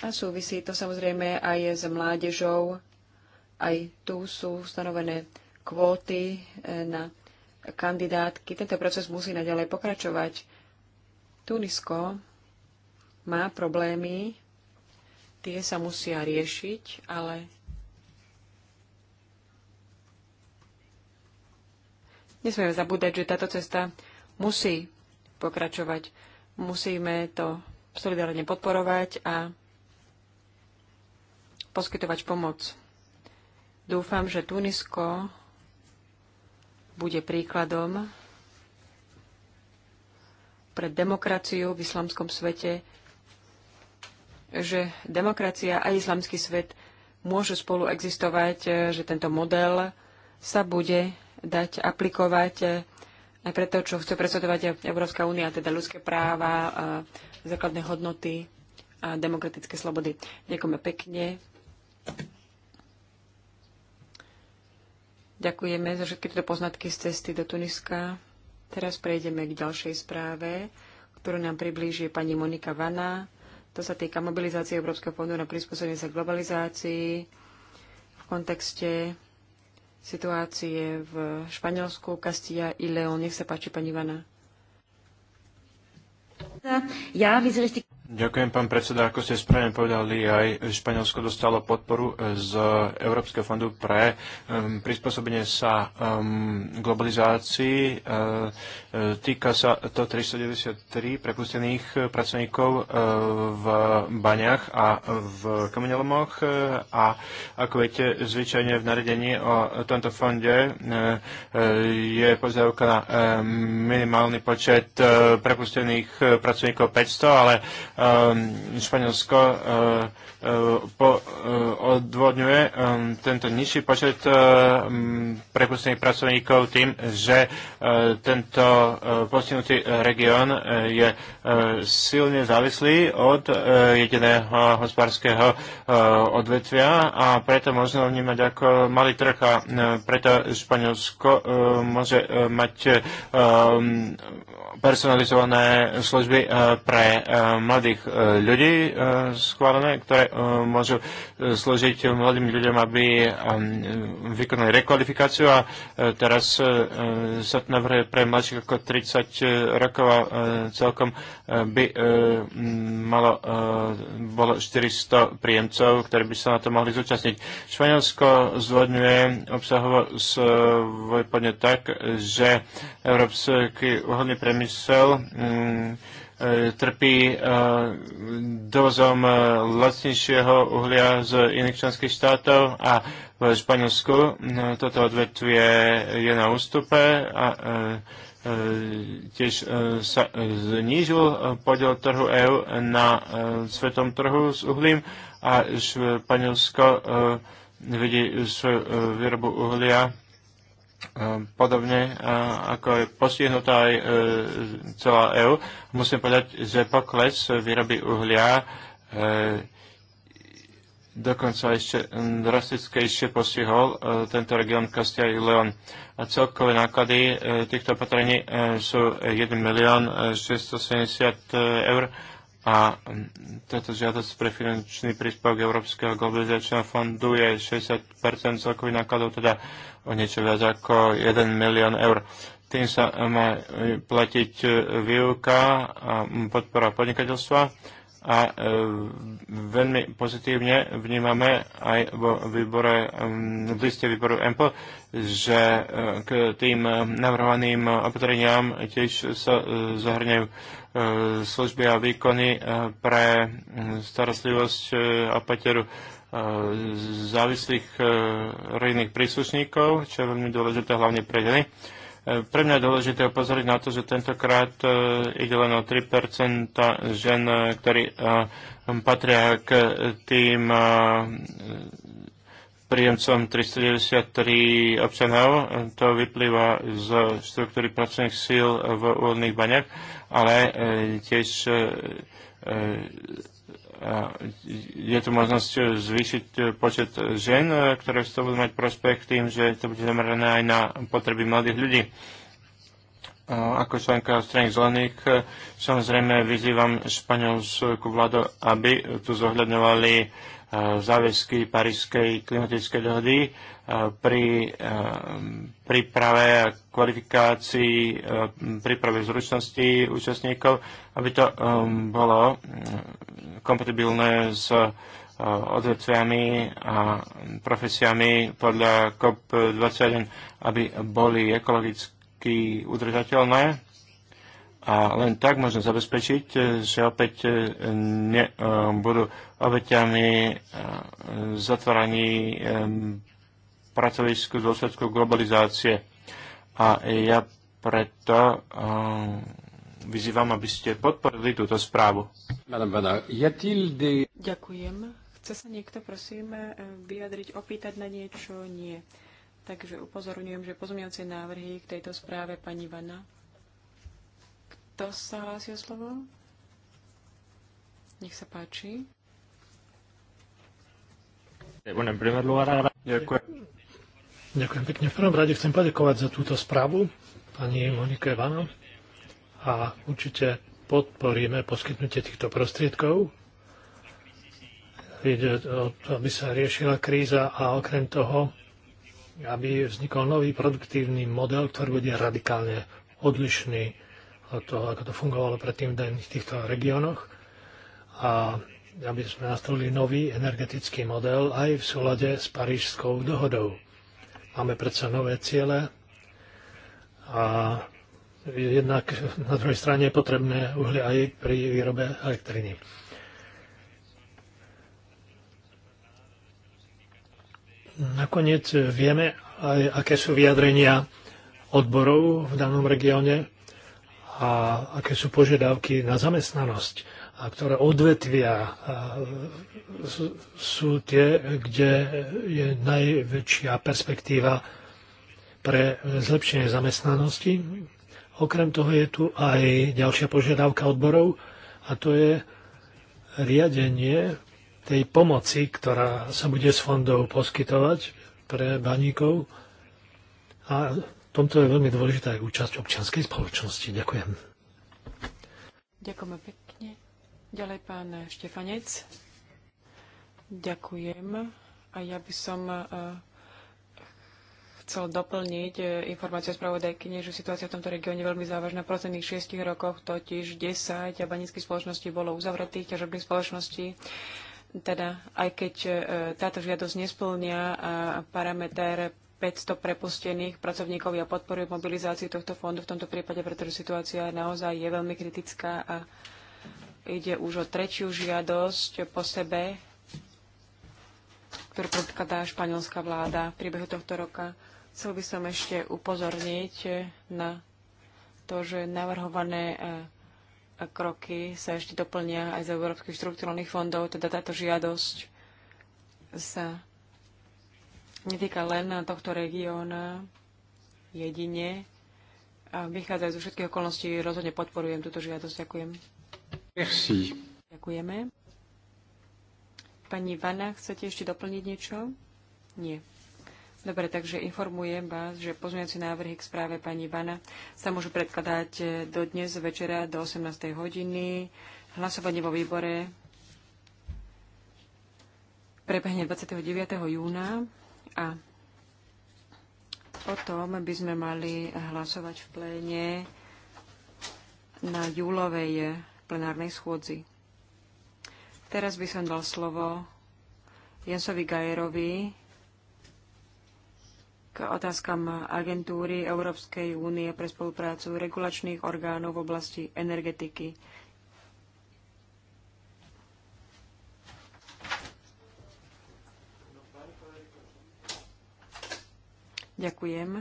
A súvisí to samozrejme aj s mládežou. Aj tu sú stanovené kvóty e, na kandidátky. Tento proces musí naďalej pokračovať. Tunisko má problémy, tie sa musia riešiť, ale Nesmieme zabúdať, že táto cesta musí pokračovať. Musíme to solidárne podporovať a poskytovať pomoc. Dúfam, že Tunisko bude príkladom pre demokraciu v islamskom svete, že demokracia a islamský svet môžu spolu existovať, že tento model sa bude dať aplikovať e, aj preto, čo chce presadovať Európska únia, teda ľudské práva, e, základné hodnoty a demokratické slobody. Ďakujeme pekne. Ďakujeme za všetky tieto poznatky z cesty do Tuniska. Teraz prejdeme k ďalšej správe, ktorú nám priblíži pani Monika Vana. To sa týka mobilizácie Európskeho fondu na prispôsobenie sa globalizácii v kontekste situácie v Španielsku, Kastia i León. Nech sa páči, pani Vana. Ja, vy Ďakujem, pán predseda. Ako ste správne povedali, aj Španielsko dostalo podporu z Európskeho fondu pre um, prispôsobenie sa um, globalizácii. Uh, e, týka sa to 393 prepustených pracovníkov uh, v baňach a v kamenelomoch. A ako viete, zvyčajne v naredení o tomto fonde uh, e, je pozdravka na um, minimálny počet uh, prepustených pracovníkov 500, ale Ehm, Španielsko eh, eh, eh, odvodňuje ehm, tento nižší počet ehm, prepustených pracovníkov tým, že tento postihnutý región je silne závislý od jediného hospodárskeho odvetvia a preto možno vnímať ako malý trh a preto Španielsko môže mať personalizované služby pre mladých mladých e, ľudí e, skválené, ktoré e, môžu slúžiť mladým ľuďom, aby vykonali rekvalifikáciu a teraz sa to navrhuje pre mladších ako 30 rokov a celkom by malo bolo 400 príjemcov, ktorí by sa na to mohli zúčastniť. Španielsko zvodňuje obsahovo svoj podne tak, že európsky uhodný priemysel E, trpí e, dovozom e, lacnejšieho uhlia z iných členských štátov a v Španielsku toto odvetvie je na ústupe a tiež sa znížil podiel trhu EÚ na svetom trhu s uhlím a Španielsko vidí svoju výrobu uhlia Ehm, podobne eh, ako je postihnutá aj eh, celá EÚ. Musím povedať, že pokles výroby uhlia eh, dokonca ešte hm, drastickejšie postihol tento región Kastia i Leon. A celkové náklady týchto opatrení sú 1 milión 670 eur a hm, táto žiadosť pre finančný príspevok Európskeho globalizačného fondu je 60 celkových nákladov, teda o niečo viac ako 1 milión eur. Tým sa má e, platiť e, výuka a podpora podnikateľstva a e, veľmi pozitívne vnímame aj vo výbore, v liste výboru EMPO, že k tým navrhovaným opatreniam tiež sa zahrňajú služby a výkony pre starostlivosť a pateru závislých e, rejných príslušníkov, čo je veľmi dôležité hlavne pre ženy. E, pre mňa je dôležité upozoriť na to, že tentokrát e, ide len o 3% žen, ktorí patria k tým príjemcom 393 občanov. To vyplýva z štruktúry pracovných síl v úvodných baniach, ale tiež je tu možnosť zvýšiť e, počet žen, e, ktoré z toho budú mať prospech tým, že to bude zamerané aj na potreby mladých ľudí. Ako členka strany zelených e, samozrejme vyzývam španielsku vládu, aby tu zohľadňovali E, záväzky Parískej klimatickej dohody e, pri e, príprave a kvalifikácii, príprave zručnosti účastníkov, aby to bolo kompatibilné s odvetviami a profesiami podľa COP21, aby boli ekologicky udržateľné a len tak možno zabezpečiť, e, že opäť e, ne, e, budú obeťami zatváraní pracovisku z dôsledku globalizácie. A ja preto vyzývam, aby ste podporili túto správu. Ďakujem. Chce sa niekto, prosím, vyjadriť, opýtať na niečo? Nie. Takže upozorňujem, že pozmeňujúce návrhy k tejto správe pani Vana kto sa hlási o slovo? Nech sa páči. Ďakujem. Ďakujem pekne. V prvom rade chcem poďakovať za túto správu pani Monike Vano a určite podporíme poskytnutie týchto prostriedkov. Ide o to, aby sa riešila kríza a okrem toho, aby vznikol nový produktívny model, ktorý bude radikálne odlišný od toho, ako to fungovalo predtým v týchto regiónoch a aby sme nastavili nový energetický model aj v súlade s Parížskou dohodou. Máme predsa nové ciele a jednak na druhej strane je potrebné uhlie aj pri výrobe elektriny. Nakoniec vieme aj, aké sú vyjadrenia odborov v danom regióne a aké sú požiadavky na zamestnanosť a ktoré odvetvia sú tie, kde je najväčšia perspektíva pre zlepšenie zamestnanosti. Okrem toho je tu aj ďalšia požiadavka odborov a to je riadenie tej pomoci, ktorá sa bude s fondov poskytovať pre baníkov a v tomto je veľmi dôležitá aj účasť občianskej spoločnosti. Ďakujem. Ďakujeme pekne. Ďalej pán Štefanec. Ďakujem. A ja by som e, chcel doplniť e, informáciu spravodajkyne, že situácia v tomto regióne je veľmi závažná. V posledných šiestich rokoch totiž 10 abanických spoločností bolo uzavretých, ťažobných spoločností. Teda aj keď e, táto žiadosť nesplňa parameter 500 prepustených pracovníkov. Ja podporujem mobilizáciu tohto fondu v tomto prípade, pretože situácia naozaj je veľmi kritická a ide už o tretiu žiadosť po sebe, ktorú predkladá španielská vláda v priebehu tohto roka. Chcel by som ešte upozorniť na to, že navrhované eh, kroky sa ešte doplnia aj z európskych štruktúrnych fondov, teda táto žiadosť sa netýka len tohto regióna jedine. A vychádzajú zo všetkých okolností, rozhodne podporujem túto žiadosť. Ďakujem. Merci. Ďakujeme. Pani Vana, chcete ešte doplniť niečo? Nie. Dobre, takže informujem vás, že pozmeňujúce návrhy k správe pani Vana sa môžu predkladať do dnes večera do 18. hodiny. Hlasovanie vo výbore prebehne 29. júna. A o tom by sme mali hlasovať v pléne na júlovej plenárnej schôdzi. Teraz by som dal slovo Jensovi Gajerovi k otázkam agentúry Európskej únie pre spoluprácu regulačných orgánov v oblasti energetiky. Ďakujem.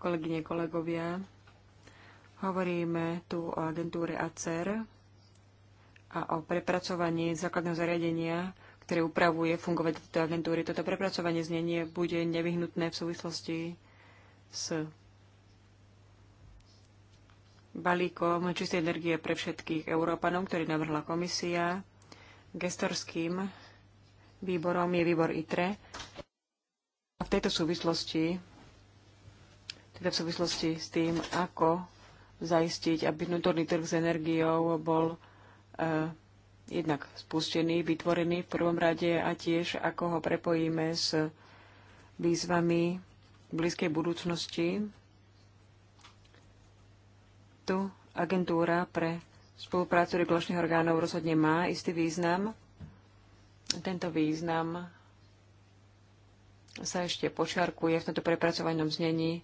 Kolegyne, kolegovia, hovoríme tu o agentúre ACER a o prepracovaní základného zariadenia, ktoré upravuje fungovať tejto agentúry. Toto prepracovanie znenie bude nevyhnutné v súvislosti s balíkom čistej energie pre všetkých Európanov, ktorý navrhla komisia. Gestorským výborom je výbor ITRE. A v tejto súvislosti, teda v súvislosti s tým, ako zaistiť, aby vnútorný trh s energiou bol e, jednak spustený, vytvorený v prvom rade a tiež ako ho prepojíme s výzvami blízkej budúcnosti. Tu agentúra pre spoluprácu regulačných orgánov rozhodne má istý význam. Tento význam sa ešte počiarkuje v tomto prepracovanom znení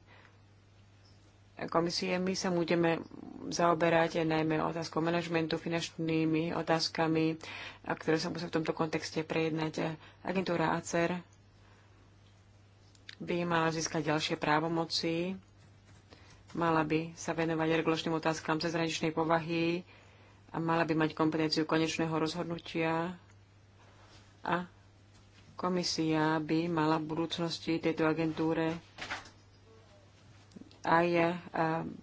komisie. My sa budeme zaoberať aj najmä otázkou manažmentu, finančnými otázkami, a ktoré sa musia v tomto kontexte prejednať. Agentúra ACER by mala získať ďalšie právomoci, mala by sa venovať regulačným otázkam cezhraničnej povahy a mala by mať kompetenciu konečného rozhodnutia a Komisia by mala v budúcnosti tejto agentúre aj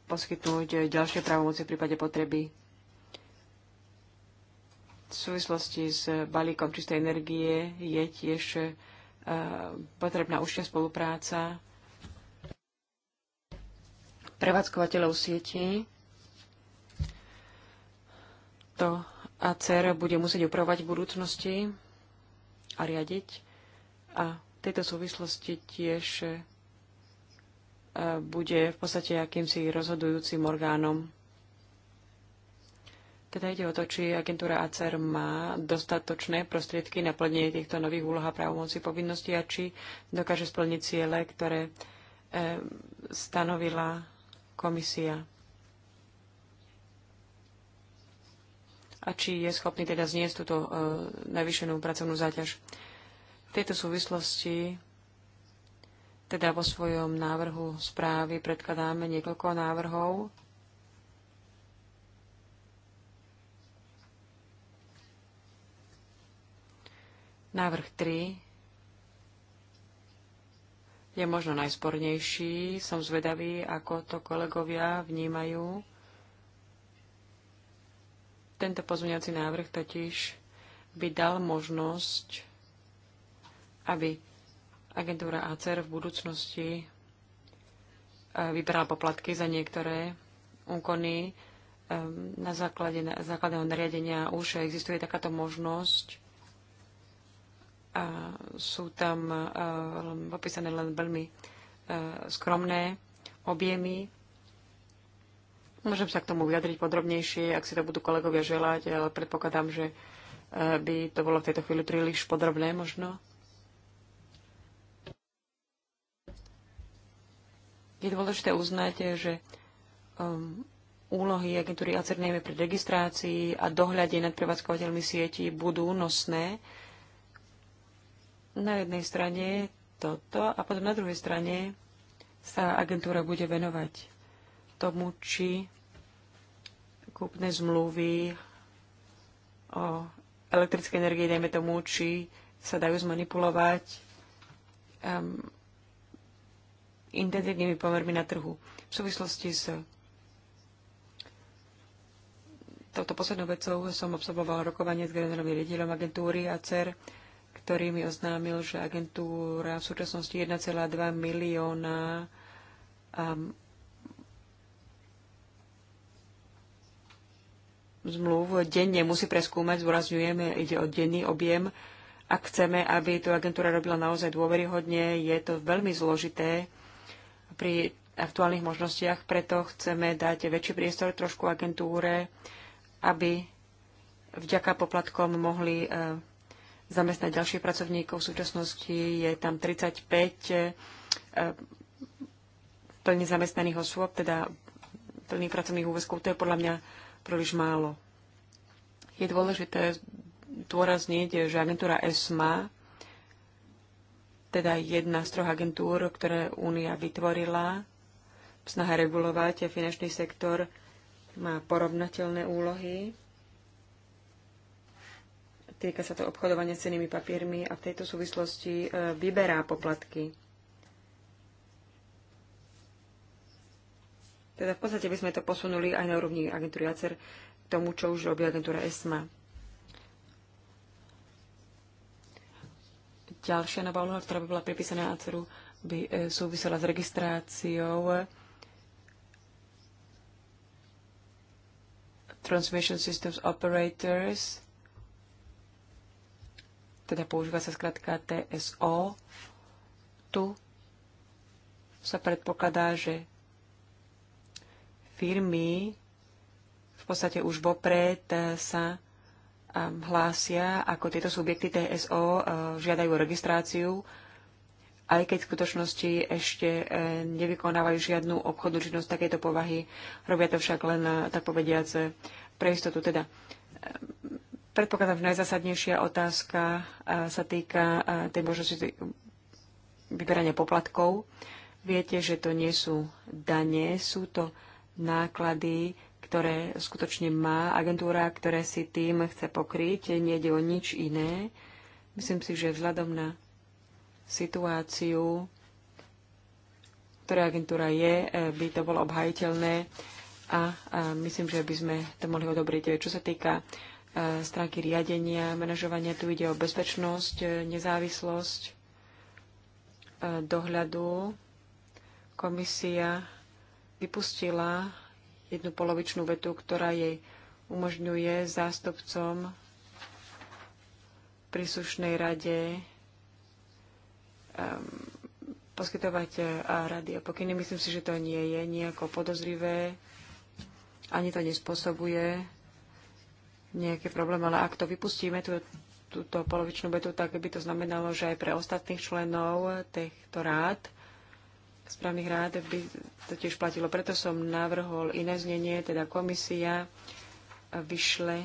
poskytnúť ďalšie právomoci v prípade potreby v súvislosti s balíkom čistej energie je tiež potrebná užšia spolupráca prevádzkovateľov sieti. To ACER bude musieť upravovať v budúcnosti a riadiť. A v tejto súvislosti tiež e, bude v podstate akýmsi rozhodujúcim orgánom. Teda ide o to, či agentúra ACER má dostatočné prostriedky na plnenie týchto nových úloh a právomocí povinností a či dokáže splniť ciele, ktoré e, stanovila komisia. a či je schopný teda zniesť túto e, navýšenú pracovnú záťaž. V tejto súvislosti teda vo svojom návrhu správy predkladáme niekoľko návrhov. Návrh 3 je možno najspornejší. Som zvedavý, ako to kolegovia vnímajú. Tento pozmeňovací návrh totiž by dal možnosť, aby agentúra ACER v budúcnosti e, vybrala poplatky za niektoré úkony. E, na základe na základného nariadenia už existuje takáto možnosť a sú tam popísané e, len veľmi skromné objemy Môžem sa k tomu vyjadriť podrobnejšie, ak si to budú kolegovia želať, ale predpokladám, že e, by to bolo v tejto chvíli príliš podrobné možno. Je dôležité uznať, že um, úlohy agentúry ACER pri registrácii a dohľade nad prevádzkovateľmi sietí budú nosné. Na jednej strane toto a potom na druhej strane sa agentúra bude venovať tomu, či kúpne zmluvy o elektrickej energii, dajme tomu, či sa dajú zmanipulovať um, intenzívnymi pomermi na trhu. V súvislosti s touto poslednou vecou som absolvoval rokovanie s generálnym riaditeľom agentúry ACER, ktorý mi oznámil, že agentúra v súčasnosti 1,2 milióna um, zmluv denne musí preskúmať, zúrazňujeme, ide o denný objem. Ak chceme, aby tu agentúra robila naozaj dôveryhodne, je to veľmi zložité pri aktuálnych možnostiach, preto chceme dať väčší priestor trošku agentúre, aby vďaka poplatkom mohli e, zamestnať ďalších pracovníkov. V súčasnosti je tam 35 e, plne zamestnaných osôb, teda plných pracovných úväzkov. To je podľa mňa príliš málo. Je dôležité dôrazniť, že agentúra ESMA, teda jedna z troch agentúr, ktoré Únia vytvorila v snahe regulovať a finančný sektor, má porovnateľné úlohy. Týka sa to obchodovania cenými papiermi a v tejto súvislosti e, vyberá poplatky. Teda v podstate by sme to posunuli aj na úrovni agentúry ACER k tomu, čo už robí agentúra ESMA. Ďalšia nová úloha, ktorá by bola pripísaná ACERu, by e, súvisela s registráciou e, Transmission Systems Operators, teda používa sa skratka TSO. Tu sa predpokladá, že firmy v podstate už vopred eh, sa eh, hlásia, ako tieto subjekty TSO eh, žiadajú registráciu, aj keď v skutočnosti ešte nevykonávajú žiadnu obchodnú činnosť takéto povahy. Robia to však len, tak povediac, pre istotu. Teda, predpokladám, že najzásadnejšia otázka sa týka tej možnosti vyberania poplatkov. Viete, že to nie sú dane, sú to náklady, ktoré skutočne má agentúra, ktoré si tým chce pokryť. nie je o nič iné. Myslím si, že vzhľadom na situáciu, ktorá agentúra je, e, by to bolo obhajiteľné a, a myslím, že by sme to mohli odobriť. Čo sa týka e, stránky riadenia, manažovania, tu ide o bezpečnosť, e, nezávislosť, dohľadu. Komisia vypustila jednu polovičnú vetu, ktorá jej umožňuje zástupcom príslušnej rade um, poskytovať a e, rady a pokyny. Myslím si, že to nie je nejako podozrivé, ani to nespôsobuje nejaký problém, ale ak to vypustíme, tú, túto polovičnú betu, tak by to znamenalo, že aj pre ostatných členov týchto rád správnych rád by to tiež platilo. Preto som navrhol iné znenie, teda komisia vyšle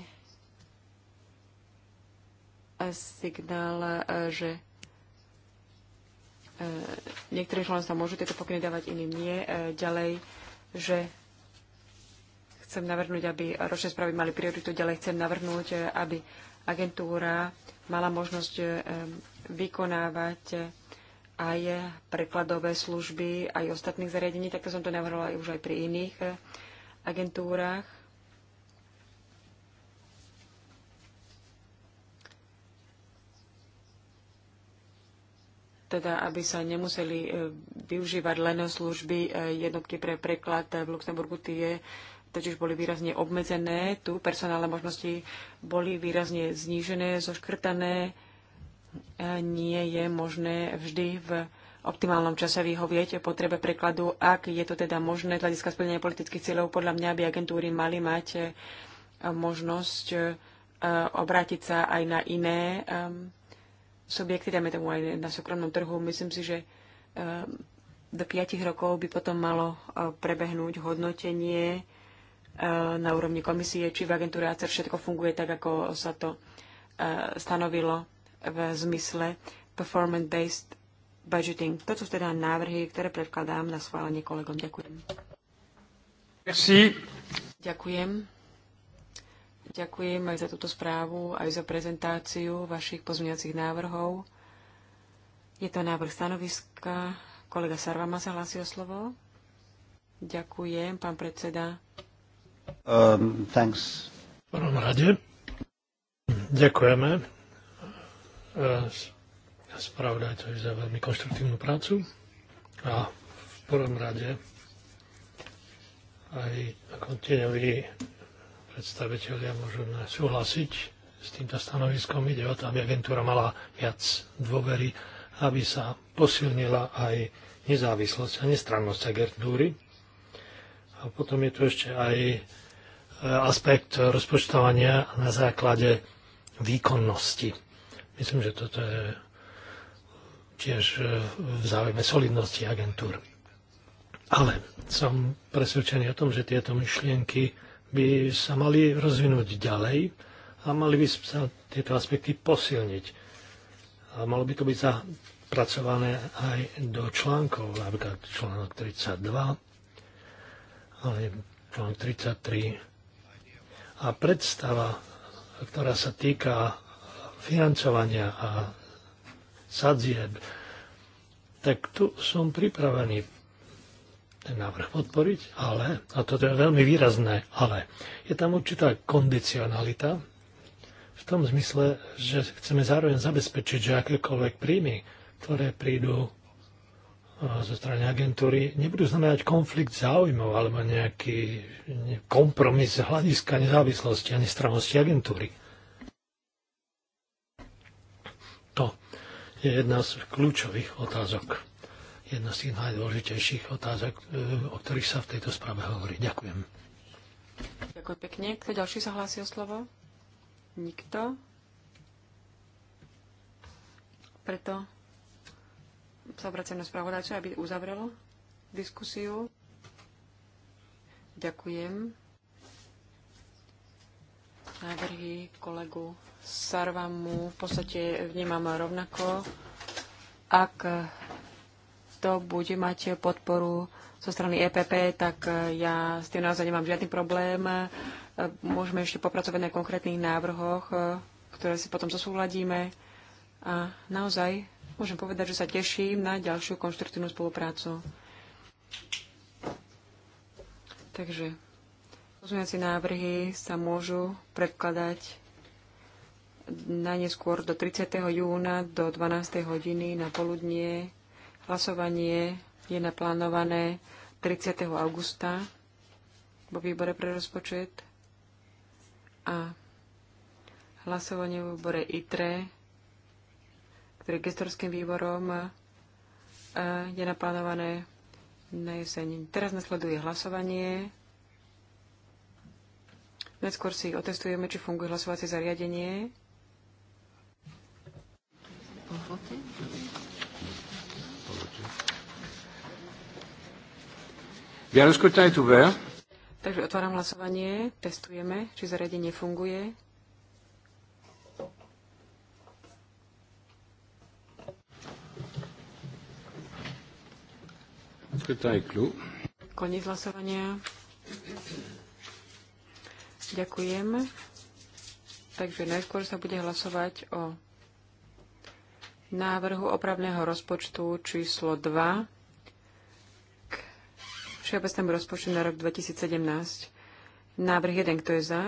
signál, že e, niektorým členom sa môžu tieto pokyny dávať, iným nie. E, ďalej, že chcem navrhnúť, aby ročné správy mali prioritu. Ďalej chcem navrhnúť, e, aby agentúra mala možnosť vykonávať aj prekladové služby, aj ostatných zariadení. Takto som to navrhla už aj pri iných eh, agentúrach. teda aby sa nemuseli eh, využívať len služby eh, jednotky pre preklad v Luxemburgu tie totiž boli výrazne obmedzené, tu personálne možnosti boli výrazne znížené, zoškrtané nie je možné vždy v optimálnom čase vyhovieť potrebe prekladu, ak je to teda možné z hľadiska splnenia politických cieľov. Podľa mňa by agentúry mali mať eh, možnosť eh, obrátiť sa aj na iné eh, subjekty, dajme tomu aj na súkromnom trhu. Myslím si, že do 5 rokov by potom malo prebehnúť hodnotenie na úrovni komisie, či v agentúre ACER všetko funguje tak, ako sa to stanovilo v zmysle performance-based budgeting. To sú teda návrhy, ktoré predkladám na schválenie kolegom. Ďakujem. Merci. Ďakujem. Ďakujem aj za túto správu, aj za prezentáciu vašich pozmeňovacích návrhov. Je to návrh stanoviska. Kolega Sarvama sa hlási o slovo. Ďakujem, pán predseda. Um, thanks. V prvom rade ďakujeme E, spravodajcovi za veľmi konštruktívnu prácu a v prvom rade aj ako tieňoví predstaviteľia môžu súhlasiť s týmto stanoviskom. Ide o to, aby agentúra mala viac dôvery, aby sa posilnila aj nezávislosť a nestrannosť agentúry. A potom je tu ešte aj e, aspekt rozpočtovania na základe výkonnosti Myslím, že toto je tiež e, v záujme solidnosti agentúr. Ale som presvedčený o tom, že tieto myšlienky by sa mali rozvinúť ďalej a mali by sa tieto aspekty posilniť. A malo by to byť zapracované aj do článkov, napríklad článok 32, ale článok 33. A predstava, ktorá sa týka financovania a sadzieb, tak tu som pripravený ten návrh podporiť, ale, a toto je veľmi výrazné, ale je tam určitá kondicionalita v tom zmysle, že chceme zároveň zabezpečiť, že akékoľvek príjmy, ktoré prídu e, zo strany agentúry nebudú znamenať konflikt záujmov alebo nejaký kompromis z hľadiska nezávislosti a nestrannosti agentúry. je jedna z kľúčových otázok. Jedna z tých najdôležitejších otázok, eh, o ktorých sa v tejto správe hovorí. Ďakujem. Ďakujem pekne. Kto ďalší sa hlási o slovo? Nikto. Preto sa obraciam na spravodajcu, aby uzavrelo diskusiu. Ďakujem. Návrhy kolegu Sarvamu v podstate vnímam rovnako. Ak to bude mať podporu zo strany EPP, tak ja s tým naozaj nemám žiadny problém. Môžeme ešte popracovať na konkrétnych návrhoch, ktoré si potom zosúladíme. A naozaj môžem povedať, že sa teším na ďalšiu konštruktívnu spoluprácu. Takže pozmeňovacie návrhy sa môžu predkladať najneskôr do 30. júna do 12. hodiny na poludnie. Hlasovanie je naplánované 30. augusta vo výbore pre rozpočet a hlasovanie v výbore ITRE, ktorý gestorským výborom, e, je naplánované na jeseň. Teraz nasleduje hlasovanie. Najskôr si otestujeme, či funguje hlasovacie zariadenie. Takže otváram hlasovanie, testujeme, či zariadenie funguje. Koniec hlasovania. Ďakujem. Takže najskôr sa bude hlasovať o návrhu opravného rozpočtu číslo 2 k všeobecnému rozpočtu na rok 2017. Návrh 1, kto je za?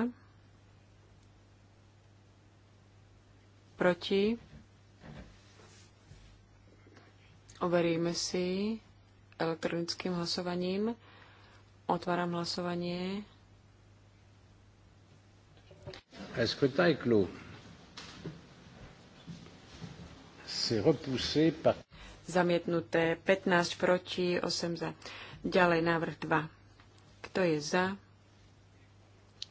Proti? Overíme si elektronickým hlasovaním. Otváram hlasovanie. Escrutin est clos. Zamietnuté 15 proti, 8 za. Ďalej návrh 2. Kto je za?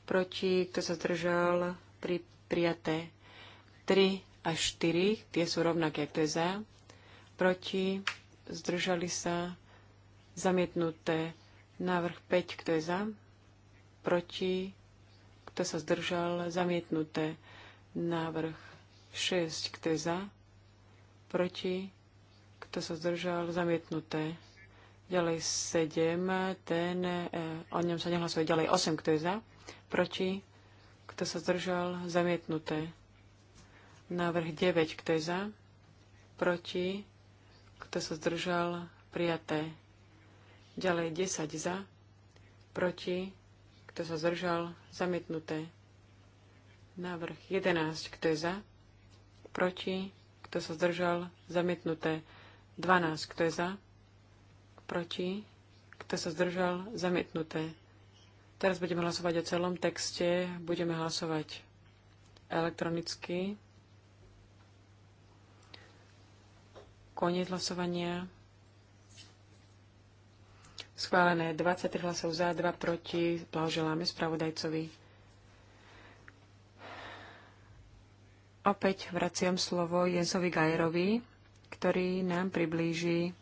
Proti, kto sa zdržal? Pri, prijaté 3 a 4, tie sú rovnaké. Kto je za? Proti, zdržali sa? Zamietnuté návrh 5, kto je za? Proti, kto sa zdržal? Zamietnuté návrh 6, kto je za? proti, kto sa zdržal, zamietnuté. Ďalej 7, ten, e, o ňom sa nehlasuje. Ďalej 8, kto je za, proti, kto sa zdržal, zamietnuté. Návrh 9, kto je za, proti, kto sa zdržal, prijaté. Ďalej 10 za, proti, kto sa zdržal, zamietnuté. Návrh 11, kto je za, proti, kto sa zdržal? Zamietnuté. 12. Kto je za? Proti? Kto sa zdržal? Zamietnuté. Teraz budeme hlasovať o celom texte. Budeme hlasovať elektronicky. Koniec hlasovania. Schválené 23 hlasov za, 2 proti. Blahoželáme spravodajcovi. Opäť vraciam slovo Jensovi Gajerovi, ktorý nám priblíži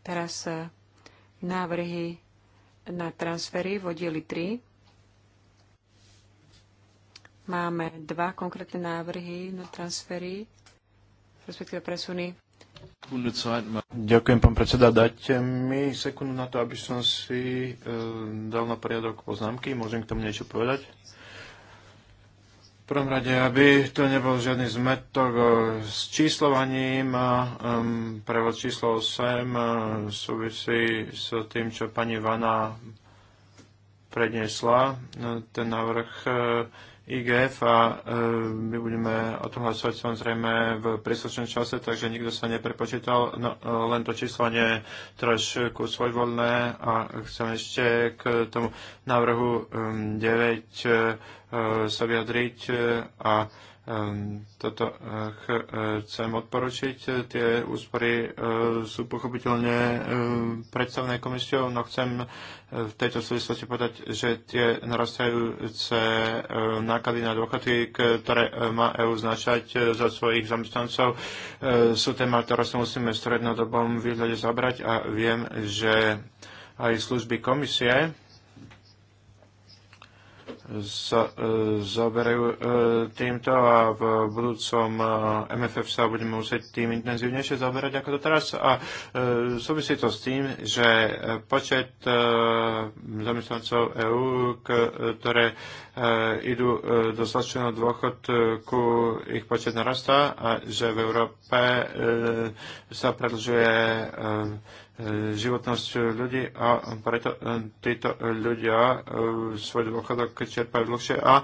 teraz návrhy na transfery v oddieli 3. Máme dva konkrétne návrhy na transfery, respektíve presuny. Ďakujem, pán predseda. Dajte mi sekundu na to, aby som si e, dal na poriadok poznámky. Môžem k tomu niečo povedať? V prvom rade, aby to nebol žiadny zmetok s číslovaním, um, prevod číslo 8 súvisí s tým, čo pani Vana predniesla. E, ten návrh e, IGF a e, my budeme o tom hlasovať samozrejme v príslušnom čase, takže nikto sa neprepočítal, no, e, len to číslo nie je trošku svojvoľné a chcem ešte k tomu návrhu 9 e, sa vyjadriť a Ehm, toto eh, eh, chcem odporučiť. Eh, tie úspory sú pochopiteľne predstavné komisiou, no chcem v tejto súvislosti povedať, že tie narastajúce náklady na dôchodky, ktoré má EU značať za svojich zamestnancov, sú téma, ktoré sa musíme v strednodobom výhľade zabrať a viem, že aj služby komisie sa e, zaberajú e, týmto a v budúcom e, MFF sa budeme musieť tým intenzívnejšie zaoberať ako to teraz a súvisí to s tým, že počet zamestnancov EÚ, ktoré idú do slačeného dôchodku, ich počet narastá a že v Európe sa predlžuje E, životnosť ľudí a preto e, títo ľudia e, svoj dôchodok čerpajú dlhšie a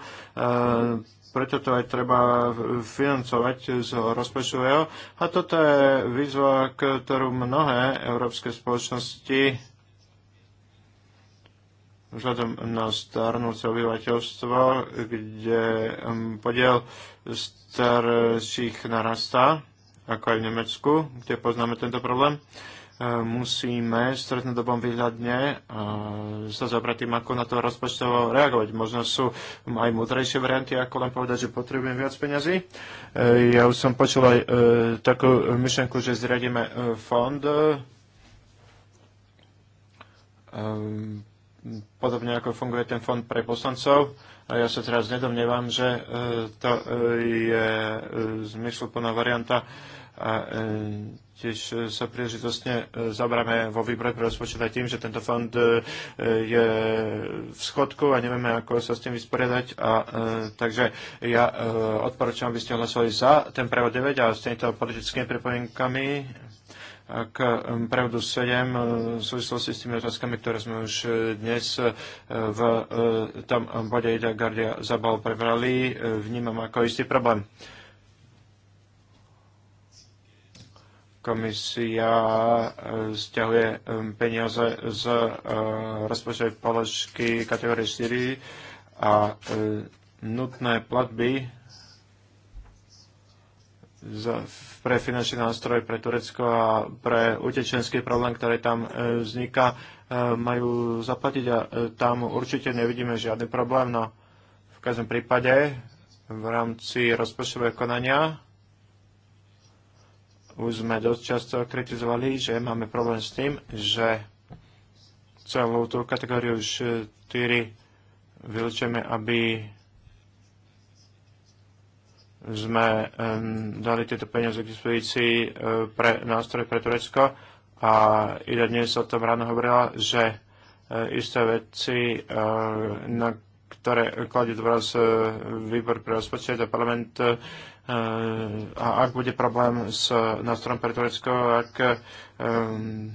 preto to aj treba financovať z rozpočtového. A toto je výzva, ktorú mnohé európske spoločnosti vzhľadom na starnúce obyvateľstvo, kde podiel starších narastá, ako aj v Nemecku, kde poznáme tento problém, musíme v strednodobom výhľadne e, sa zabrať tým, ako na to rozpočtovo reagovať. Možno sú aj múdrejšie varianty, ako len povedať, že potrebujem viac peňazí. E, ja už som počul aj e, takú myšlenku, že zriadíme fond podobne ako funguje ten fond pre poslancov. A ja sa teraz nedomnievam, že to je zmysluplná varianta a e, tiež e, sa príležitostne e, zabráme vo výbore pre rozpočet aj tým, že tento fond je v schodku a nevieme, ako sa s tým vysporiadať. A, takže ja odporúčam, aby ste hlasovali za ten prevod 9 a s týmito politickými pripomienkami k prevodu 7 v súvislosti s tými otázkami, ktoré sme už dnes v tom bode Ida Gardia Zabal prebrali, vnímam ako istý problém. komisia zťahuje eh, eh, peniaze z eh, rozpočtovej položky kategórie 4 a nutné platby pre finančný nástroj pre Turecko a pre utečenský problém, ktorý tam vzniká, majú zaplatiť a tam určite nevidíme žiadny problém, no v každom prípade v rámci rozpočtového konania už sme dosť často kritizovali, že máme problém s tým, že celú tú kategóriu 4 vylečeme, aby sme dali tieto peniaze k dispozícii eh, pre nástroj pre Turecko a Ida dnes o tom ráno hovorila, že eh, isté veci, eh, na ktoré kladie dôraz výbor pre rozpočet a parlament Eh, a ak bude problém s nástrojom pre Turecko, ak ehm,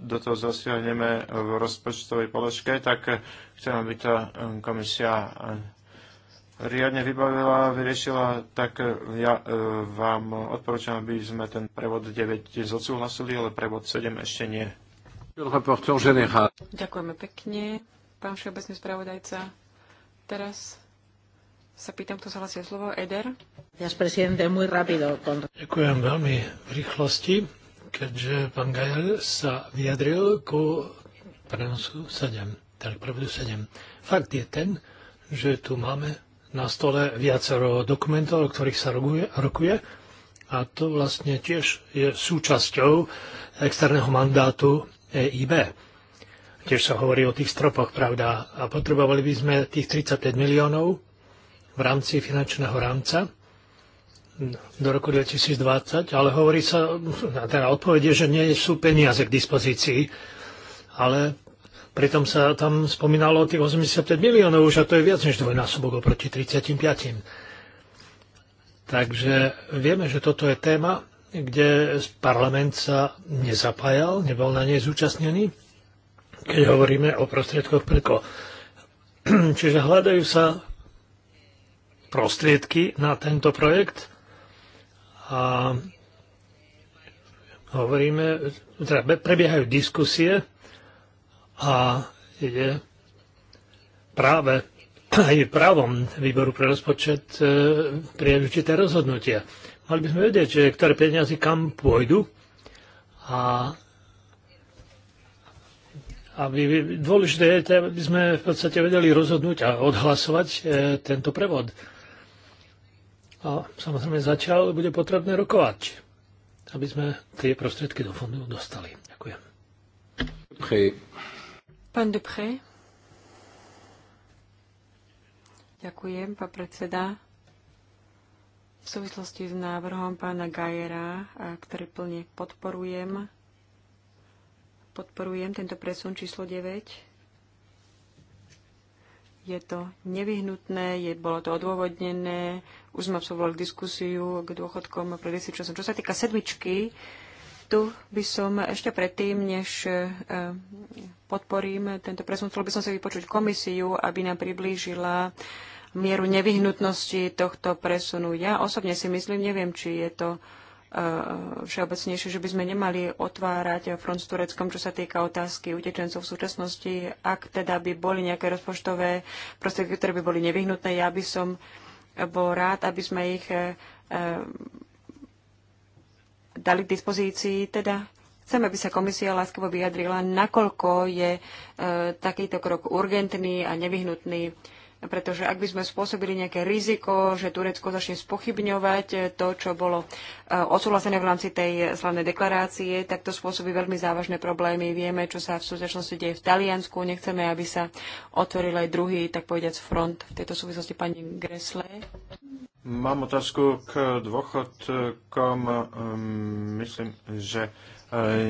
do toho zasiahneme v rozpočtovej položke, tak chcem, aby tá ehm, komisia eh, riadne vybavila, vyriešila, tak eh, ja vám odporúčam, aby sme ten prevod 9 zodsúhlasili, ale prevod 7 ešte nie. Ďakujeme pekne, pán všeobecný spravodajca. Teraz sa pýtam, kto sa hlasí o slovo. Eder. Ďakujem veľmi v rýchlosti, keďže pán Gajel sa vyjadril ku prenosu 7, teda pravdu 7. Fakt je ten, že tu máme na stole viacero dokumentov, o ktorých sa rokuje, rokuje a to vlastne tiež je súčasťou externého mandátu EIB. Tiež sa hovorí o tých stropoch, pravda, a potrebovali by sme tých 35 miliónov v rámci finančného rámca do roku 2020, ale hovorí sa, teda odpovede, že nie sú peniaze k dispozícii, ale pritom sa tam spomínalo o tých 85 miliónov už a to je viac než dvojnásobok oproti 35. Takže vieme, že toto je téma, kde parlament sa nezapájal, nebol na nej zúčastnený, keď hovoríme o prostriedkoch preko. Čiže hľadajú sa prostriedky na tento projekt a hovoríme, teda prebiehajú diskusie a je práve aj právom výboru pre rozpočet e, prijať určité rozhodnutia. Mali by sme vedieť, že ktoré peniazy kam pôjdu a aby, dôležité je, aby sme v podstate vedeli rozhodnúť a odhlasovať e, tento prevod. A samozrejme začal bude potrebné rokovať, aby sme tie prostriedky do fondu dostali. Ďakujem. Pán Dupré. Ďakujem, pán predseda. V súvislosti s návrhom pána Gajera, ktorý plne podporujem, podporujem tento presun číslo 9 je to nevyhnutné, je, bolo to odôvodnené, už sme absolvovali diskusiu k dôchodkom pred istým časom. Čo sa týka sedmičky, tu by som ešte predtým, než e, podporím tento presun, chcel by som sa vypočuť komisiu, aby nám priblížila mieru nevyhnutnosti tohto presunu. Ja osobne si myslím, neviem, či je to e, všeobecnejšie, že by sme nemali otvárať front s Tureckom, čo sa týka otázky utečencov v súčasnosti. Ak teda by boli nejaké rozpočtové prostriedky, ktoré by boli nevyhnutné, ja by som bol rád, aby sme ich eh, eh, dali k dispozícii. Teda chcem, aby sa komisia láskavo vyjadrila, nakoľko je eh, takýto krok urgentný a nevyhnutný pretože ak by sme spôsobili nejaké riziko, že Turecko začne spochybňovať eh, to, čo bolo eh, odsúhlasené v rámci tej slavnej deklarácie, tak to spôsobí veľmi závažné problémy. Vieme, čo sa v súčasnosti deje v Taliansku. Nechceme, aby sa otvoril aj druhý, tak povediac, front v tejto súvislosti pani Gresle. Mám otázku k dôchodkom. Ehm, myslím, že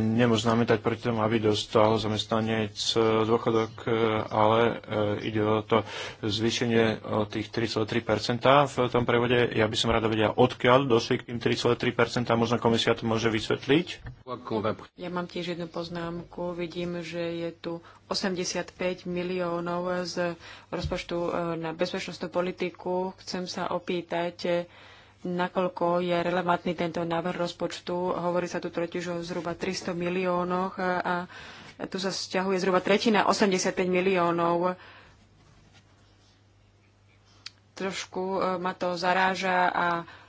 nemôžu namietať proti tomu, aby dostal zamestnanec e, dôchodok, e, ale e, ide o to zvýšenie o tých 3,3% v tom prevode. Ja by som rada vedela, odkiaľ došli k tým 3,3%, možno komisia to môže vysvetliť. Ja mám tiež jednu poznámku. Vidím, že je tu 85 miliónov z rozpočtu na bezpečnostnú politiku. Chcem sa opýtať, nakoľko je relevantný tento návrh rozpočtu. Hovorí sa tu totiž o zhruba 300 miliónoch a tu sa sťahuje zhruba tretina 85 miliónov. Trošku e, ma to zaráža a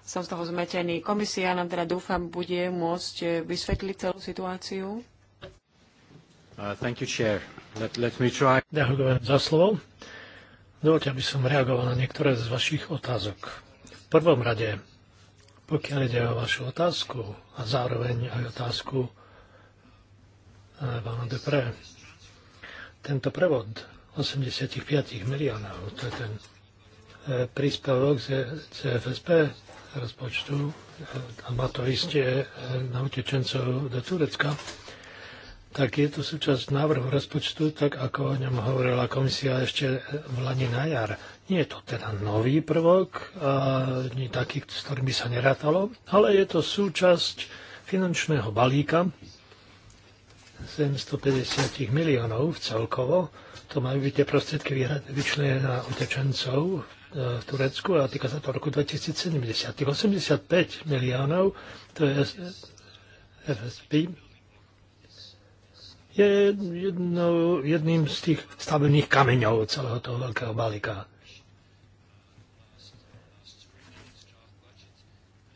som z toho zmetený. Komisia nám teda dúfam bude môcť e, vysvetliť celú situáciu. Uh, Ďakujem za slovo. Dovolte, aby som reagoval na niektoré z vašich otázok prvom rade, pokiaľ ide o vašu otázku a zároveň aj otázku pána e, Depre, tento prevod 85 miliónov, to je ten e, príspevok z CFSP rozpočtu e, a má to isté na utečencov do Turecka, tak je to súčasť návrhu rozpočtu, tak ako o ňom hovorila komisia ešte v Lani na jar. Nie je to teda nový prvok, ani taký, s ktorým by sa nerátalo, ale je to súčasť finančného balíka 750 miliónov celkovo. To majú byť tie prostriedky vyčlené na utečencov e, v Turecku a týka sa to roku 2070. Tých 85 miliónov, to je FSP, je jedno, jedným z tých stavebných kameňov celého toho veľkého balíka.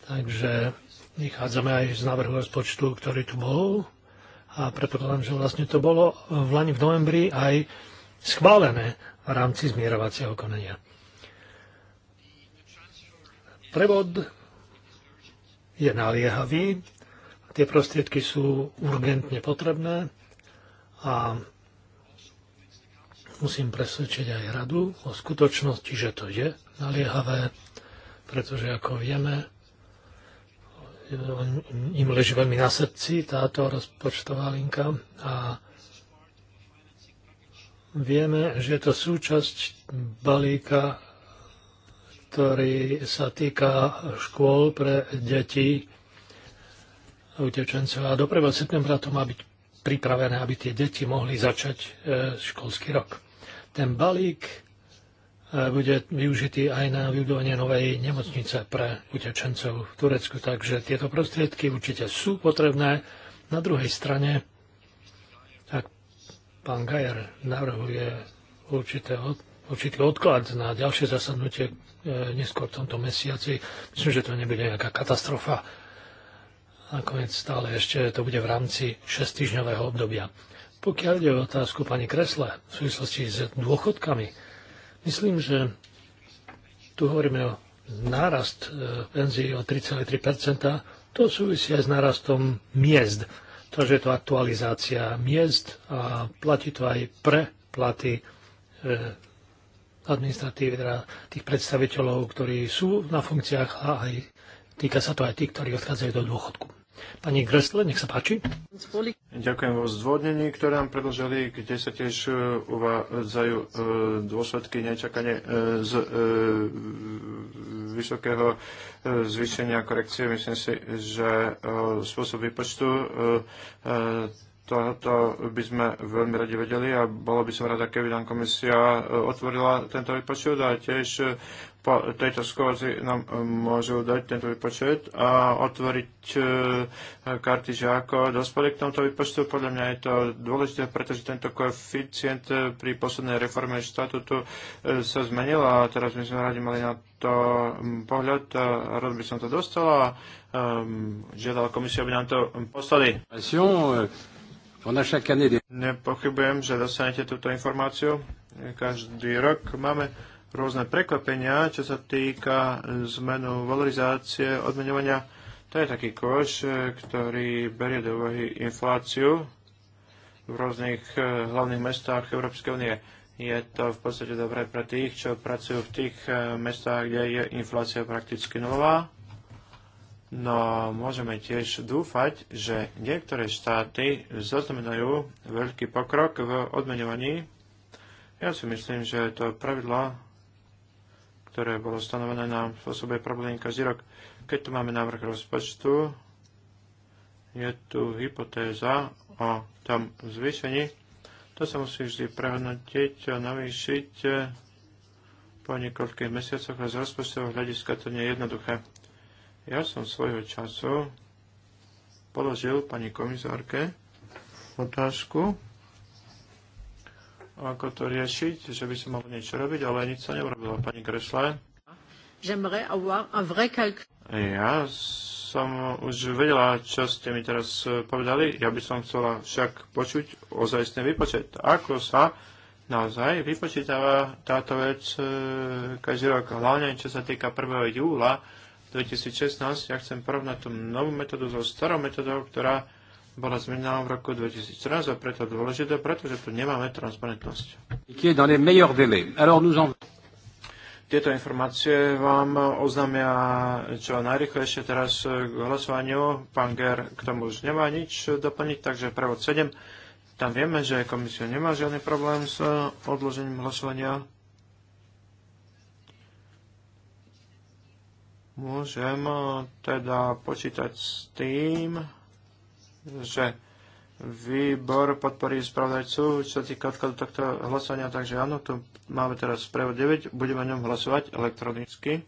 Takže vychádzame aj z návrhu rozpočtu, ktorý tu bol a predpokladám, že vlastne to bolo v Lani v novembri aj schválené v rámci zmierovacieho konania. Prevod je naliehavý, tie prostriedky sú urgentne potrebné a musím presvedčiť aj radu o skutočnosti, že to je naliehavé, pretože ako vieme, Hm, im leží veľmi na srdci táto rozpočtová linka a vieme, že je to súčasť balíka, ktorý sa týka škôl pre deti utečencov. A do 1. septembra to má byť pripravené, aby tie deti mohli začať e, školský rok. Ten balík bude využitý aj na vybudovanie novej nemocnice pre utečencov v Turecku. Takže tieto prostriedky určite sú potrebné. Na druhej strane, tak pán Gajer navrhuje určité, určitý odklad na ďalšie zasadnutie e, neskôr v tomto mesiaci, myslím, že to nebude nejaká katastrofa. Nakoniec stále ešte to bude v rámci 6-týždňového obdobia. Pokiaľ ide o otázku pani Kresle v súvislosti s dôchodkami, Myslím, že tu hovoríme o nárast eh, penzií o 3,3 to súvisí aj s nárastom miest. Takže je to aktualizácia miest a platí to aj pre platy eh, administratívy, teda tých predstaviteľov, ktorí sú na funkciách a aj týka sa to aj tých, ktorí odchádzajú do dôchodku. Pani Gresle, nech sa páči. Ďakujem vo zdôvodnení, ktoré nám predložili, kde sa tiež e, uvádzajú e, dôsledky nečakane e, z vysokého zvýšenia korekcie. Myslím si, že spôsob vypočtu toto by sme veľmi radi vedeli a bolo by som rada, keby nám komisia otvorila tento vypočut a tiež po tejto skôzi nám e, môžu dať tento výpočet a otvoriť e, karty, že ako k tomuto výpočtu. Podľa mňa je to dôležité, pretože tento koeficient e, pri poslednej reforme štatutu sa zmenil a teraz my sme radi mali na to pohľad. Rád by som to dostal a žiadal komisiu, aby nám to poslali. Nepochybujem, že dostanete túto informáciu. Každý rok máme rôzne prekvapenia, čo sa týka zmenu valorizácie, odmenovania. To je taký koš, e, ktorý berie do úvahy infláciu v rôznych e, hlavných mestách Európskej únie. Je to v podstate dobré pre tých, čo pracujú v tých e, mestách, kde je inflácia prakticky nulová. No môžeme tiež dúfať, že niektoré štáty zaznamenajú veľký pokrok v odmenovaní. Ja si myslím, že to pravidlo ktoré bolo stanovené na spôsobe problémy každý rok. Keď tu máme návrh rozpočtu, je tu hypotéza o tom zvýšení. To sa musí vždy prehodnotiť a navýšiť po niekoľkých mesiacoch a z rozpočtového hľadiska to nie je jednoduché. Ja som svojho času položil pani komisárke otázku, ako to riešiť, že by som mohol niečo robiť, ale nič sa neurobilo, pani kresle. Ja som už vedela, čo ste mi teraz e, povedali. Ja by som chcela však počuť ozajstný výpočet. Ako sa naozaj vypočítava táto vec e, každý rok, hlavne čo sa týka 1. júla 2016. Ja chcem porovnať tú novú metódu so starou metodou, ktorá bola zmenená v roku 2014 a preto dôležité, pretože tu nemáme transparentnosť. Tieto informácie vám oznámia čo najrychlejšie teraz k hlasovaniu. Pán Ger k tomu už nemá nič doplniť, takže prevod 7. Tam vieme, že komisia nemá žiadny problém s odložením hlasovania. Môžem teda počítať s tým, že výbor podporí spravodajcu, čo sa týka odkladu tohto hlasovania, takže áno, tu máme teraz prevod 9, budeme o ňom hlasovať elektronicky.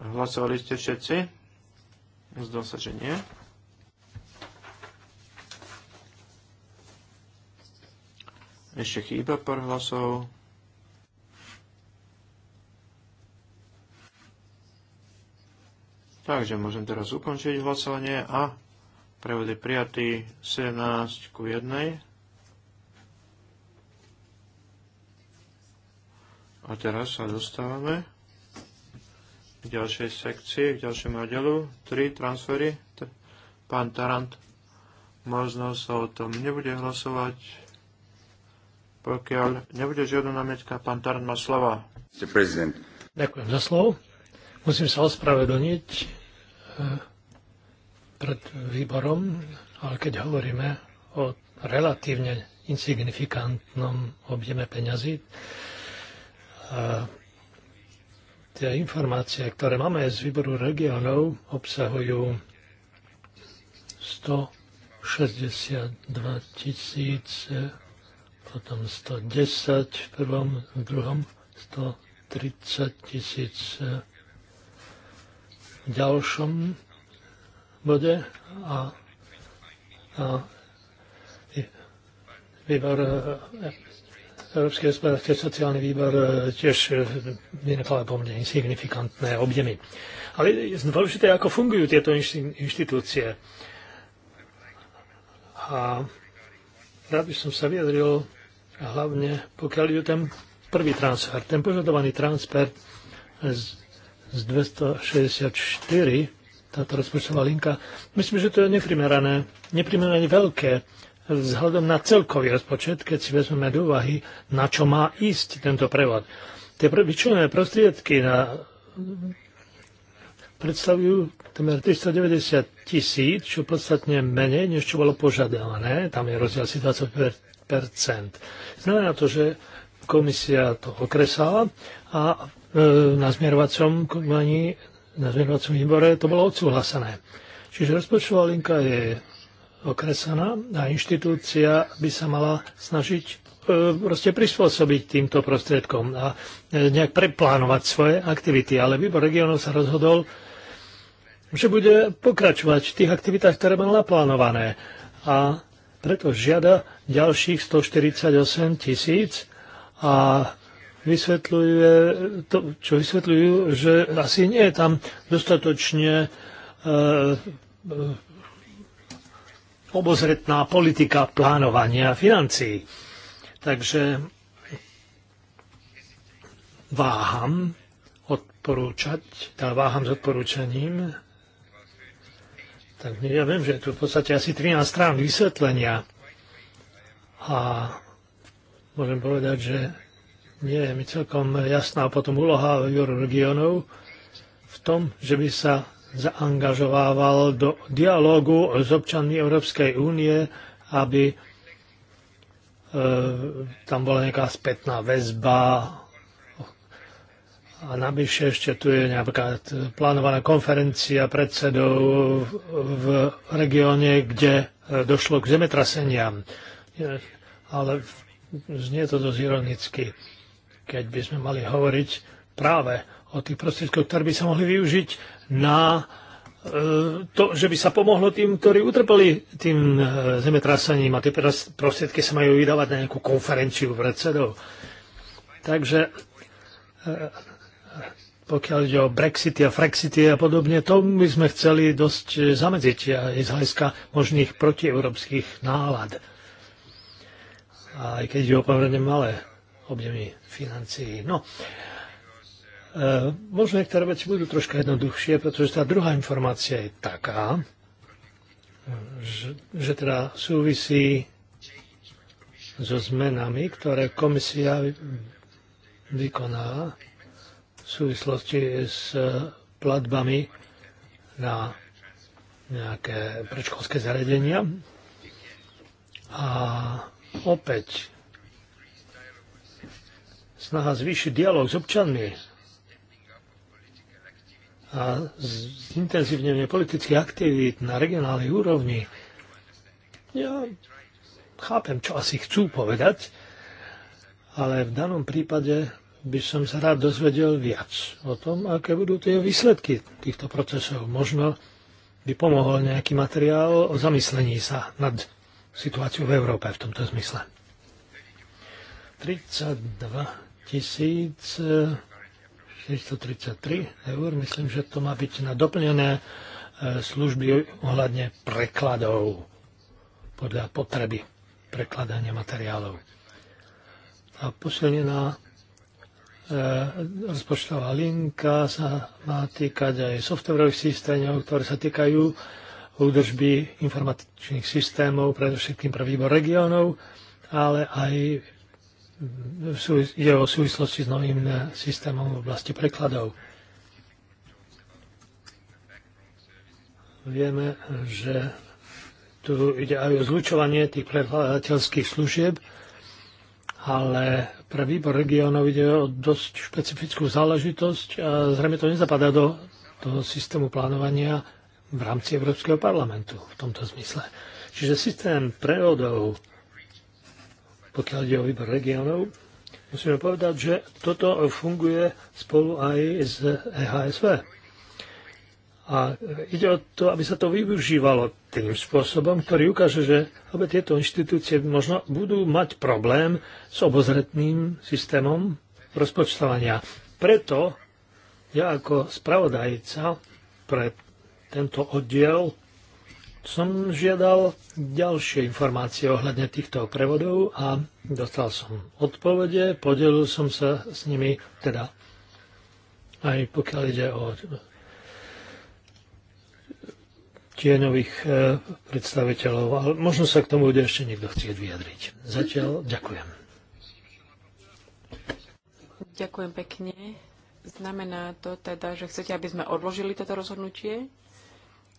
Hlasovali ste všetci? Zdá sa, že nie. Ešte chýba pár hlasov. Takže môžem teraz ukončiť hlasovanie a prevod je prijatý 17 ku 1. A teraz sa dostávame k ďalšej sekcii, k ďalšiemu oddelu. 3 transfery. Pán Tarant možno sa o tom nebude hlasovať, pokiaľ nebude žiadna námietka. Pán Tarant má slova. Ďakujem za slovo. Musím sa ospravedlniť eh, pred výborom, ale keď hovoríme o relatívne insignifikantnom objeme peňazí, tie informácie, ktoré máme z výboru regionov, obsahujú 162 tisíc, potom 110 v prvom, v druhom, 130 tisíc ďalšom bode a, a výbor, e, Európsky hospodársky sociálny výbor e, tiež e, vynechal po mne insignifikantné objemy. Ale je dôležité, ako fungujú tieto inštitúcie. A rád by som sa vyjadril hlavne, pokiaľ je ten prvý transfer, ten požadovaný transfer z z 264, táto rozpočtová linka, myslím, že to je neprimerané, neprimerané veľké vzhľadom na celkový rozpočet, keď si vezmeme do úvahy, na čo má ísť tento prevod. Tie vyčlené prostriedky na predstavujú temer 390 tisíc, čo podstatne menej, než čo bolo požadované. Tam je rozdiel asi 20 Znamená to, že komisia to okresala a E, na zmierovacom konaní, na zmierovacom výbore, to bolo odsúhlasené. Čiže rozpočtová linka je okresaná a inštitúcia by sa mala snažiť e, proste prispôsobiť týmto prostriedkom a e, nejak preplánovať svoje aktivity. Ale výbor regionov sa rozhodol, že bude pokračovať v tých aktivitách, ktoré bolo naplánované. A preto žiada ďalších 148 tisíc a vysvetľuje, to, čo vysvetľujú, že asi nie je tam dostatočne e, e obozretná politika plánovania financií. Takže váham odporúčať, tá teda váham s odporúčaním. Tak ja viem, že je tu v podstate asi 13 strán vysvetlenia a môžem povedať, že nie je mi celkom jasná potom úloha regionov v tom, že by sa zaangažovával do dialógu s občanmi Európskej únie, aby e, tam bola nejaká spätná väzba. A navyše ešte tu je napríklad plánovaná konferencia predsedov v, v regióne, kde e, došlo k zemetraseniam. Ale znie to dosť ironicky keď by sme mali hovoriť práve o tých prostriedkoch, ktoré by sa mohli využiť na e, to, že by sa pomohlo tým, ktorí utrpeli tým e, zemetrasením a tie prostriedky sa majú vydávať na nejakú konferenciu predsedov. Takže e, pokiaľ ide o Brexity a Frexity a podobne, tomu by sme chceli dosť zamedziť aj z hľadiska možných protieurópskych nálad. A aj keď ide o pomerne malé objemy financií. No, e, možno niektoré veci budú troška jednoduchšie, pretože tá druhá informácia je taká, že, že teda súvisí so zmenami, ktoré komisia vykoná v súvislosti s platbami na nejaké predškolské zariadenia. A opäť snaha zvýšiť dialog s občanmi a zintenzívnenie politických aktivít na regionálnej úrovni. Ja chápem, čo asi chcú povedať, ale v danom prípade by som sa rád dozvedel viac o tom, aké budú tie výsledky týchto procesov. Možno by pomohol nejaký materiál o zamyslení sa nad situáciou v Európe v tomto zmysle. 32 1633 eh, eur. Myslím, že to má byť na doplnené eh, služby ohľadne prekladov podľa potreby prekladania materiálov. A posilnená eh, rozpočtová linka sa má týkať aj softwarových systémov, ktoré sa týkajú údržby informatičných systémov, predovšetkým pre výbor regiónov, ale aj Mhm. ide o súvislosti s novým eh, systémom v oblasti prekladov. Vieme, že tu ide aj o zlučovanie tých prekladateľských služieb, ale pre výbor regiónov ide o dosť špecifickú záležitosť a zrejme to nezapadá do toho systému plánovania v rámci Európskeho parlamentu v tomto zmysle. Čiže systém prevodov pokiaľ ide o výbor regionov, musíme povedať, že toto funguje spolu aj s EHSV. A ide o to, aby sa to využívalo tým spôsobom, ktorý ukáže, že obe tieto inštitúcie možno budú mať problém s obozretným systémom rozpočtovania. Preto ja ako spravodajca pre tento oddiel som žiadal ďalšie informácie ohľadne týchto prevodov a dostal som odpovede, podelil som sa s nimi, teda aj pokiaľ ide o tieňových e, predstaviteľov, ale možno sa k tomu bude ešte niekto chcieť vyjadriť. Zatiaľ ďakujem. Ďakujem pekne. Znamená to teda, že chcete, aby sme odložili toto rozhodnutie?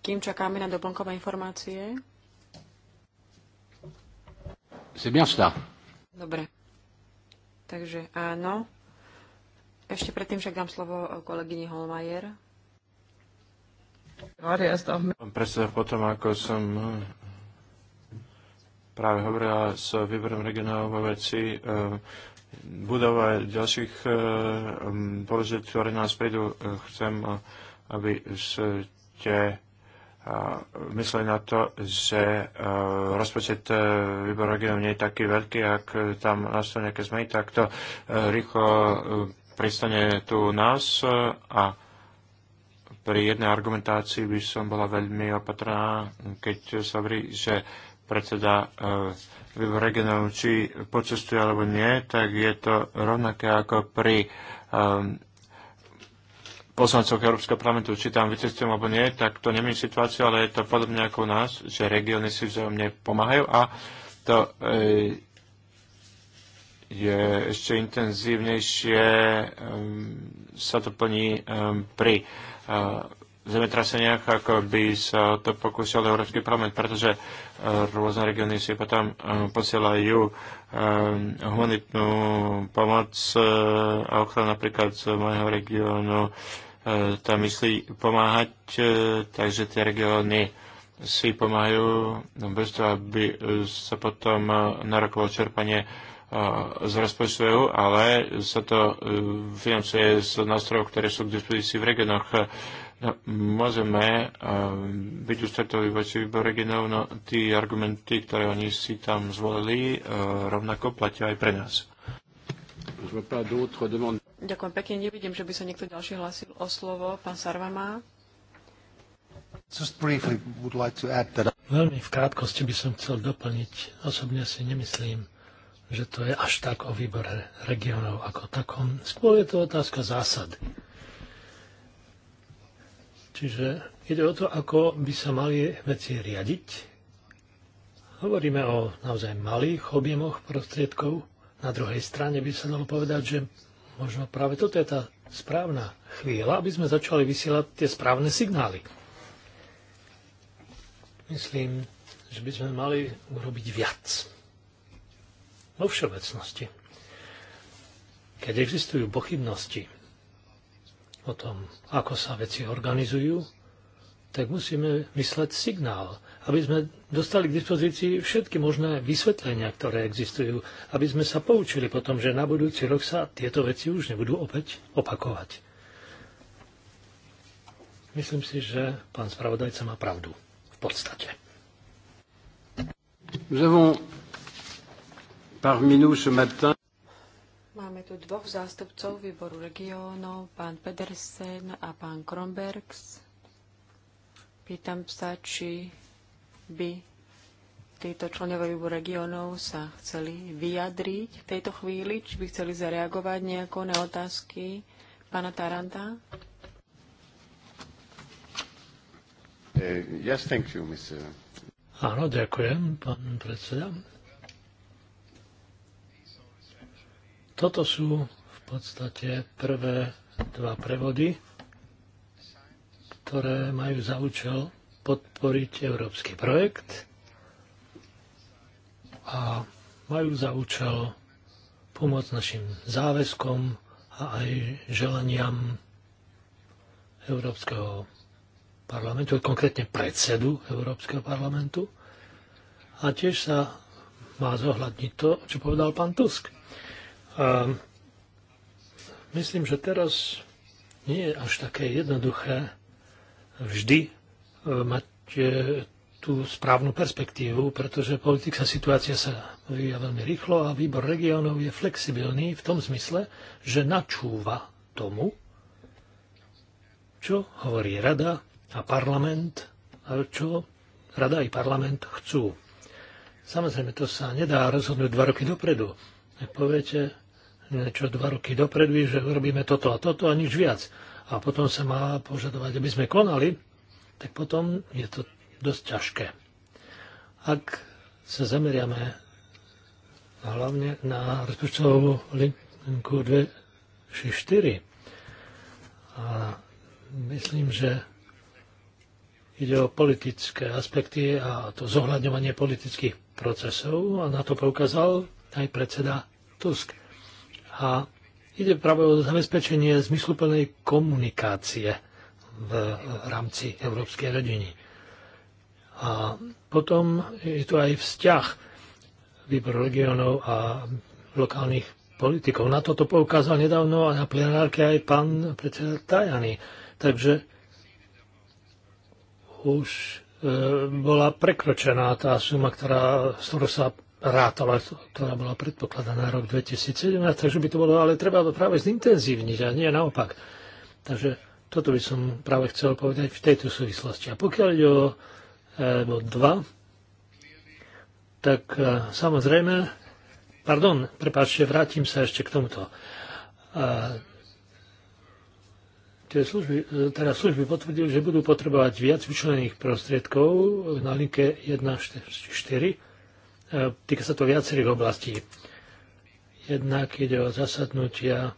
kým čakáme na doplnkové informácie. Si bien Dobre. Takže áno. Ešte predtým však dám slovo eh, kolegyni Holmajer. Pán predseda, potom ako som eh, práve hovorila s výborom regionálov vo veci eh, budova ďalších mm, položiek, ktoré nás prídu, chcem, aby ste Myslím na to, že e, rozpočet e, výboru regionu nie je taký veľký, ak tam nastane nejaké zmeny, tak to e, rýchlo pristane tu u nás a pri jednej argumentácii by som bola veľmi opatrná, keď sa hovorí, že predseda výboru regionov, či počestuje alebo nie, tak je to rovnaké ako pri poslancov Európskeho parlamentu, či tam vycestujem alebo nie, tak to nemým situáciu, ale je to podobne ako u nás, že regióny si vzájomne pomáhajú a to e, je ešte intenzívnejšie, ehm, sa to plní ehm, pri eh, zemetraseniach, ako by sa to pokúšal Európsky parlament, pretože eh, rôzne regióny si potom posielajú ehm, humanitnú pomoc a ochranu napríklad z môjho regiónu E, tam myslí pomáhať, e, takže tie regióny si pomáhajú bez toho, aby e, sa potom narokovalo čerpanie z rozpočtu EU, ale sa to financuje z nástrojov, ktoré sú k dispozícii v regiónoch. No, môžeme byť ústretoví voči výboru regionov, no tí argumenty, ktoré oni si tam zvolili, rovnako platia aj pre nás. Ďakujem pekne, nevidím, že by sa niekto ďalší hlásil o slovo. Pán Sarvamá. Veľmi v krátkosti by som chcel doplniť. Osobne si nemyslím, že to je až tak o výbore regionov ako takom. Skôr je to otázka zásady. Čiže ide o to, ako by sa mali veci riadiť. Hovoríme o naozaj malých objemoch prostriedkov, na druhej strane by sa dalo povedať, že možno práve toto je tá správna chvíľa, aby sme začali vysielať tie správne signály. Myslím, že by sme mali urobiť viac. Vo všeobecnosti. Keď existujú pochybnosti o tom, ako sa veci organizujú, tak musíme vyslať signál aby sme dostali k dispozícii všetky možné vysvetlenia, ktoré existujú, aby sme sa poučili potom, že na budúci rok sa tieto veci už nebudú opäť opakovať. Myslím si, že pán spravodajca má pravdu v podstate. Máme tu dvoch zástupcov výboru regiónov, pán Pedersen a pán Krombergs. Pýtam sa, či by títo členovia výboru regionov sa chceli vyjadriť v tejto chvíli, či by chceli zareagovať nejako na otázky pána Taranta. Uh, yes, thank you, Mr. Áno, ďakujem, pán predseda. Toto sú v podstate prvé dva prevody, ktoré majú za účel podporiť európsky projekt a majú za účel pomôcť našim záväzkom a aj želaniam Európskeho parlamentu, konkrétne predsedu Európskeho parlamentu. A tiež sa má zohľadniť to, čo povedal pán Tusk. A myslím, že teraz nie je až také jednoduché vždy mať tú správnu perspektívu, pretože politická situácia sa vyvíja veľmi rýchlo a výbor regiónov je flexibilný v tom zmysle, že načúva tomu, čo hovorí rada a parlament, a čo rada i parlament chcú. Samozrejme, to sa nedá rozhodnúť dva roky dopredu. Ak poviete niečo dva roky dopredu, že urobíme toto a toto a nič viac. A potom sa má požadovať, aby sme konali, tak potom je to dosť ťažké. Ak sa zameriame hlavne na rozpočtovú linku 4 a myslím, že ide o politické aspekty a to zohľadňovanie politických procesov a na to poukázal aj predseda Tusk. A ide práve o zabezpečenie zmysluplnej komunikácie v rámci európskej rodiny. A potom je tu aj vzťah výbor regionov a lokálnych politikov. Na toto poukázal nedávno a na plenárke aj pán predseda Tajany. Takže už e, bola prekročená tá suma, ktorá, z ktorou sa rátala, ktorá bola predpokladaná rok 2017, takže by to bolo ale treba práve zintenzívniť a nie naopak. Takže toto by som práve chcel povedať v tejto súvislosti. A pokiaľ ide o e, bod 2, tak e, samozrejme, pardon, prepáčte, vrátim sa ešte k tomuto. E, tie služby, e, teda služby potvrdili, že budú potrebovať viac vyčlených prostriedkov na linke 1.4. Týka sa to viacerých oblastí. Jednak ide o zasadnutia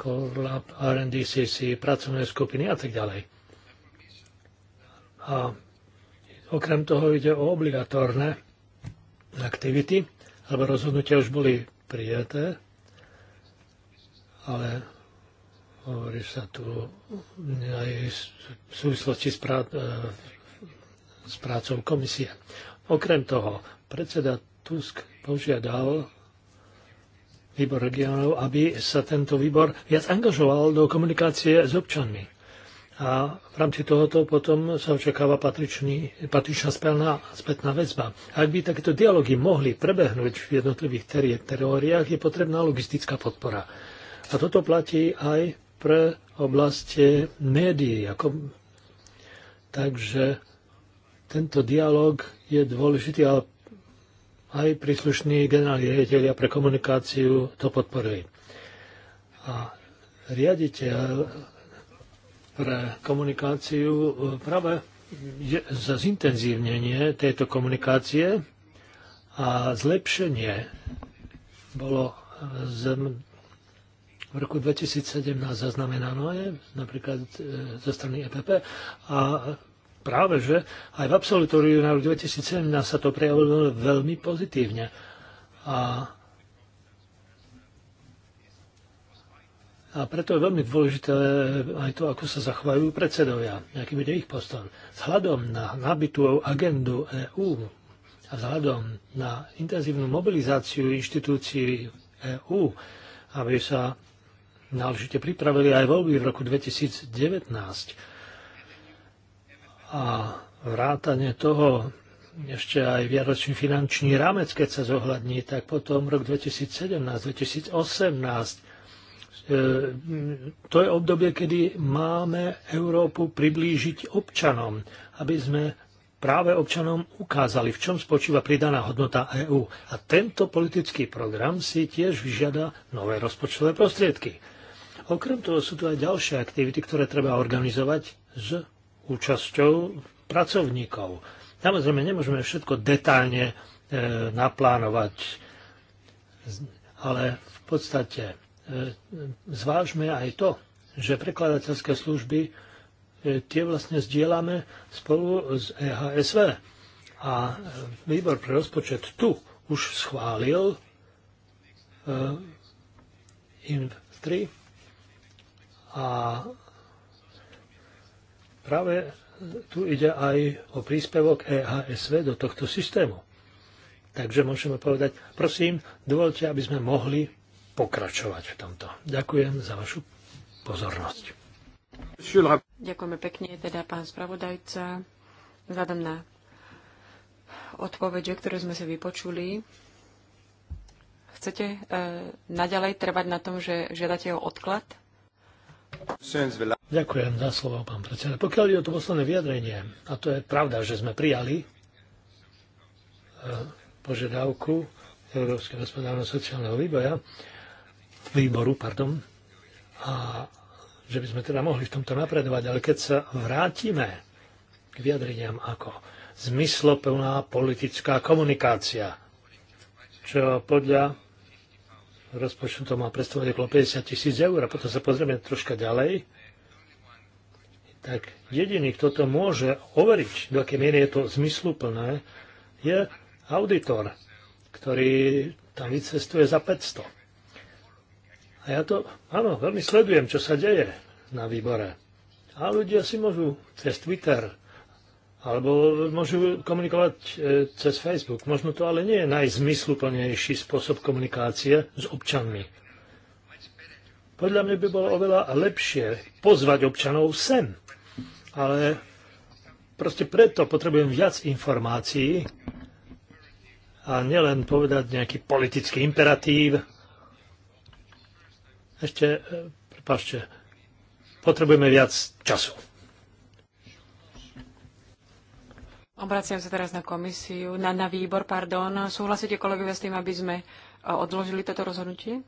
Collab, RNDCC, pracovné skupiny a tak ďalej. A okrem toho ide o obligatórne aktivity, alebo rozhodnutia už boli prijaté, ale hovorí sa tu aj v súvislosti s, prá- e, s prácou komisie. Okrem toho, predseda Tusk požiadal výbor regionov, aby sa tento výbor viac angažoval do komunikácie s občanmi. A v rámci tohoto potom sa očakáva patričný, patričná spelná, spätná väzba. Ak by takéto dialógy mohli prebehnúť v jednotlivých teritoriách, je potrebná logistická podpora. A toto platí aj pre oblasti médií. Ako... Takže tento dialog je dôležitý, ale aj príslušní generálni riaditeľia pre komunikáciu to podporili. A riaditeľ pre komunikáciu e, práve je za zintenzívnenie tejto komunikácie a zlepšenie bolo e, z, v roku 2017 zaznamenané napríklad e, zo strany EPP a práve že aj v absolutóriu na rok 2017 sa to prejavilo veľmi pozitívne. A, a preto je veľmi dôležité aj to, ako sa zachovajú predsedovia, aký bude ich postoj. Vzhľadom na nabitú agendu EÚ a vzhľadom na intenzívnu mobilizáciu inštitúcií EÚ, aby sa náležite pripravili aj voľby v roku 2019, a vrátanie toho ešte aj viaročný finančný rámec, keď sa zohľadní, tak potom rok 2017-2018 e, to je obdobie, kedy máme Európu priblížiť občanom, aby sme práve občanom ukázali, v čom spočíva pridaná hodnota EÚ. A tento politický program si tiež vyžiada nové rozpočtové prostriedky. Okrem toho sú tu aj ďalšie aktivity, ktoré treba organizovať s účasťou pracovníkov. Samozrejme, nemôžeme všetko detailne e, naplánovať, ale v podstate e, zvážme aj to, že prekladateľské služby e, tie vlastne zdieľame spolu s EHSV. A e, výbor pre rozpočet tu už schválil e, INV 3 a Práve tu ide aj o príspevok EHSV do tohto systému. Takže môžeme povedať, prosím, dovolte, aby sme mohli pokračovať v tomto. Ďakujem za vašu pozornosť. Ďakujeme pekne, teda pán spravodajca. Vzhľadom na odpovede, ktoré sme si vypočuli, chcete e, naďalej trvať na tom, že žiadate o odklad? Ďakujem za slovo, pán predseda. Pokiaľ je o to posledné vyjadrenie, a to je pravda, že sme prijali e, požiadavku Európskeho hospodárno-sociálneho výboja, výboru, pardon, a že by sme teda mohli v tomto napredovať, ale keď sa vrátime k vyjadreniam ako zmysloplná politická komunikácia, čo podľa rozpočtu to má predstavovať okolo 50 tisíc eur a potom sa pozrieme troška ďalej, tak jediný, kto to môže overiť, do akej miery je to zmysluplné, je auditor, ktorý tam vycestuje za 500. A ja to, áno, veľmi sledujem, čo sa deje na výbore. A ľudia si môžu cez Twitter alebo môžu komunikovať e, cez Facebook. Možno to ale nie je najzmysluplnejší spôsob komunikácie s občanmi. Podľa mňa by bolo oveľa lepšie pozvať občanov sem. Ale proste preto potrebujem viac informácií a nielen povedať nejaký politický imperatív. Ešte, e, prepáčte, potrebujeme viac času. Obraciam sa teraz na komisiu, na, na výbor, pardon. Súhlasíte kolegovia s tým, aby sme e, odložili toto rozhodnutie?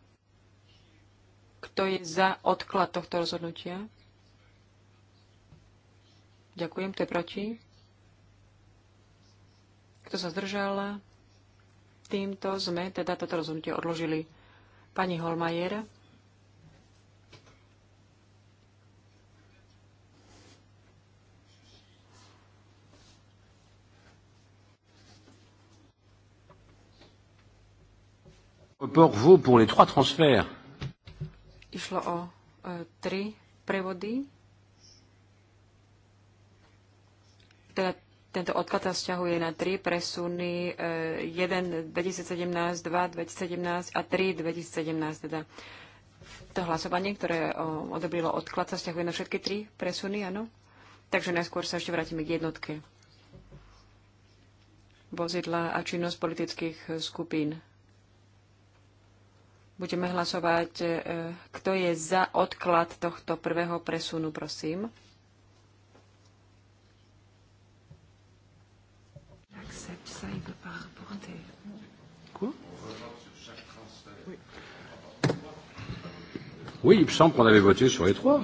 Kto je za odklad tohto rozhodnutia? Ďakujem. to je proti? Kto sa zdržal? Týmto sme teda toto rozhodnutie odložili. Pani Holmajer. Pour vous, pour les trois transferts. Išlo o e, tri prevody. Teda tento odklad sa vzťahuje na tri presuny 1 2017, 2 2017 a 3 2017. Teda to hlasovanie, ktoré odobrilo odklad, sa vzťahuje na všetky tri presuny, áno? Takže najskôr sa ešte vrátime k jednotke. Vozidla a činnosť politických skupín. Budeme hlasovať, e, kto je za odklad tohto prvého presunu, prosím. Oui, il me semble qu'on avait voté sur les trois.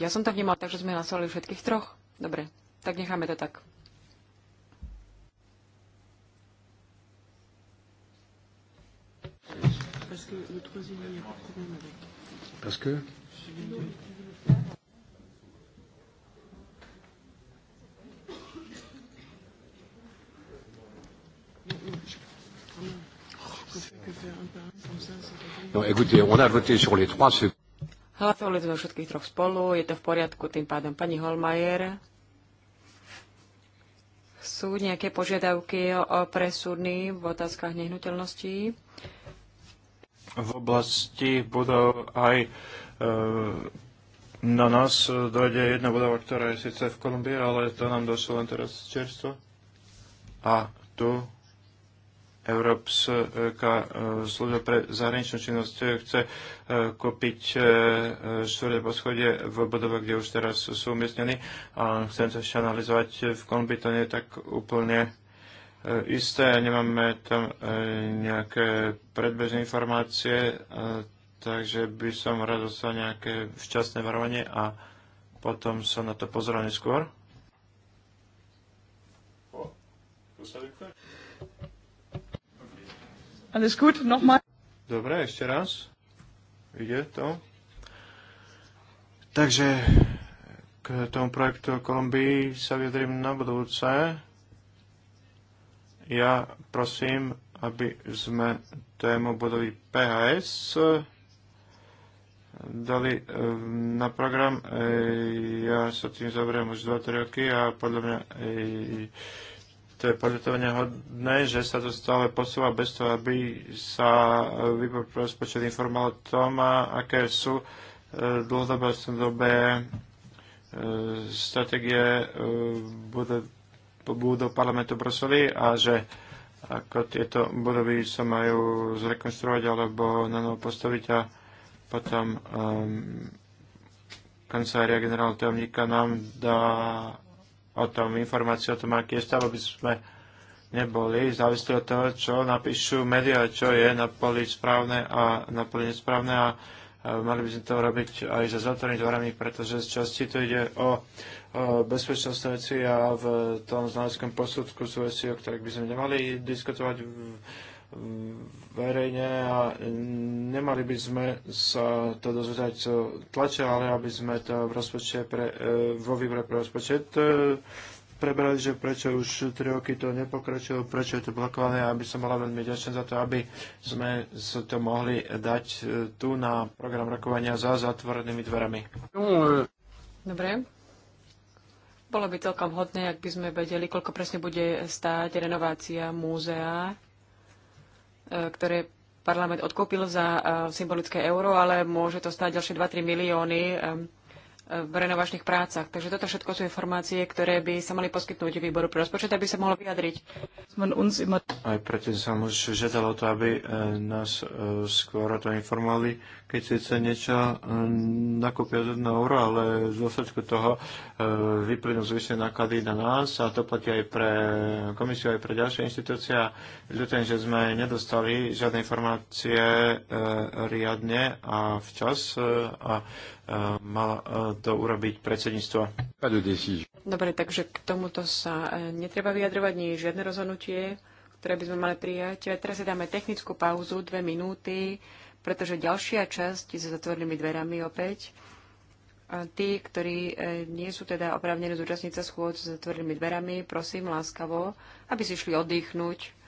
Ja som to vnímal, takže sme hlasovali všetkých troch. Dobre, tak necháme to tak. que le troisième, il n'y a pas de problème avec. Parce que No, écoutez, on a voté sur les trois. Hlasovali sme všetkých troch spolu, je to v poriadku, tým pádom pani Holmajer. Sú nejaké požiadavky o, o presúdny v otázkach nehnuteľností? v oblasti budov aj e, na nás dojde jedna budova, ktorá je síce v Kolumbii, ale to nám došlo len teraz čerstvo. A tu Európska e, služba pre zahraničnú činnosť chce e, kúpiť štvrté poschodie v budove, kde už teraz sú umiestnení. A chcem to ešte analyzovať v Kolumbii, to nie je tak úplne E, isté, nemáme tam e, nejaké predbežné informácie, e, takže by som rád dostal nejaké včasné varovanie a potom sa na to pozrel neskôr. Alles gut, nochmal. Dobre, ešte raz. Ide to. Takže k tomu projektu Kolumbii sa vyjadrím na budúce ja prosím, aby sme tému bodový PHS dali e, na program. E, ja sa tým zaberiem už 2-3 roky a podľa mňa e, to je podľa hodné, že sa to stále posúva bez toho, aby sa výbor pre rozpočet informoval o tom, aké sú dlhodobé a dobe stratégie bude budov parlamentu Brusely a že ako tieto budovy sa majú zrekonštruovať alebo na novo postaviť a potom um, kancelária generálneho tajomníka nám dá o tom informáciu o tom, aký je stav, aby sme neboli závislí od toho, čo napíšu médiá, čo je na poli správne a na poli nesprávne a Mali by sme to robiť aj za zatvorenými dvorami, pretože z časti to ide o bezpečnostné veci a v tom znaleckom posudku sú veci, o ktorých by sme nemali diskutovať verejne a nemali by sme sa to dozvedať tlače, ale aby sme to v rozpočte pre, e, vo výbore pre rozpočet e, prebrali, že prečo už 3 roky to nepokračujú, prečo je to blokované, aby som bola veľmi ďačná za to, aby sme to mohli dať e, tu na program rokovania za zatvorenými dverami. Dobre. Bolo by celkom hodné, ak by sme vedeli, koľko presne bude stáť renovácia múzea, e, ktoré parlament odkúpil za e, symbolické euro, ale môže to stáť ďalšie 2-3 milióny v renovačných prácach. Takže toto všetko sú informácie, ktoré by sa mali poskytnúť výboru pre rozpočet, aby sa mohlo vyjadriť. Aj predtým sa už žiadalo to, aby e, nás e, skôr to informovali, keď si síce niečo e, nakúpia z jedného euro, ale z dôsledku toho vyplynú zvyšné náklady na nás a to platí aj pre komisiu, aj pre ďalšie inštitúcie. Ľutujem, že sme nedostali žiadne informácie riadne a včas a mala e, to urobiť predsedníctvo. Dobre, takže k tomuto sa e, netreba vyjadrovať, nie je žiadne rozhodnutie, ktoré by sme mali prijať. Teraz si dáme technickú pauzu, dve minúty, pretože ďalšia časť je sa zatvorenými dverami opäť. A tí, ktorí e, nie sú teda oprávnení zúčastniť sa schôd s zatvorenými dverami, prosím láskavo, aby si šli oddychnúť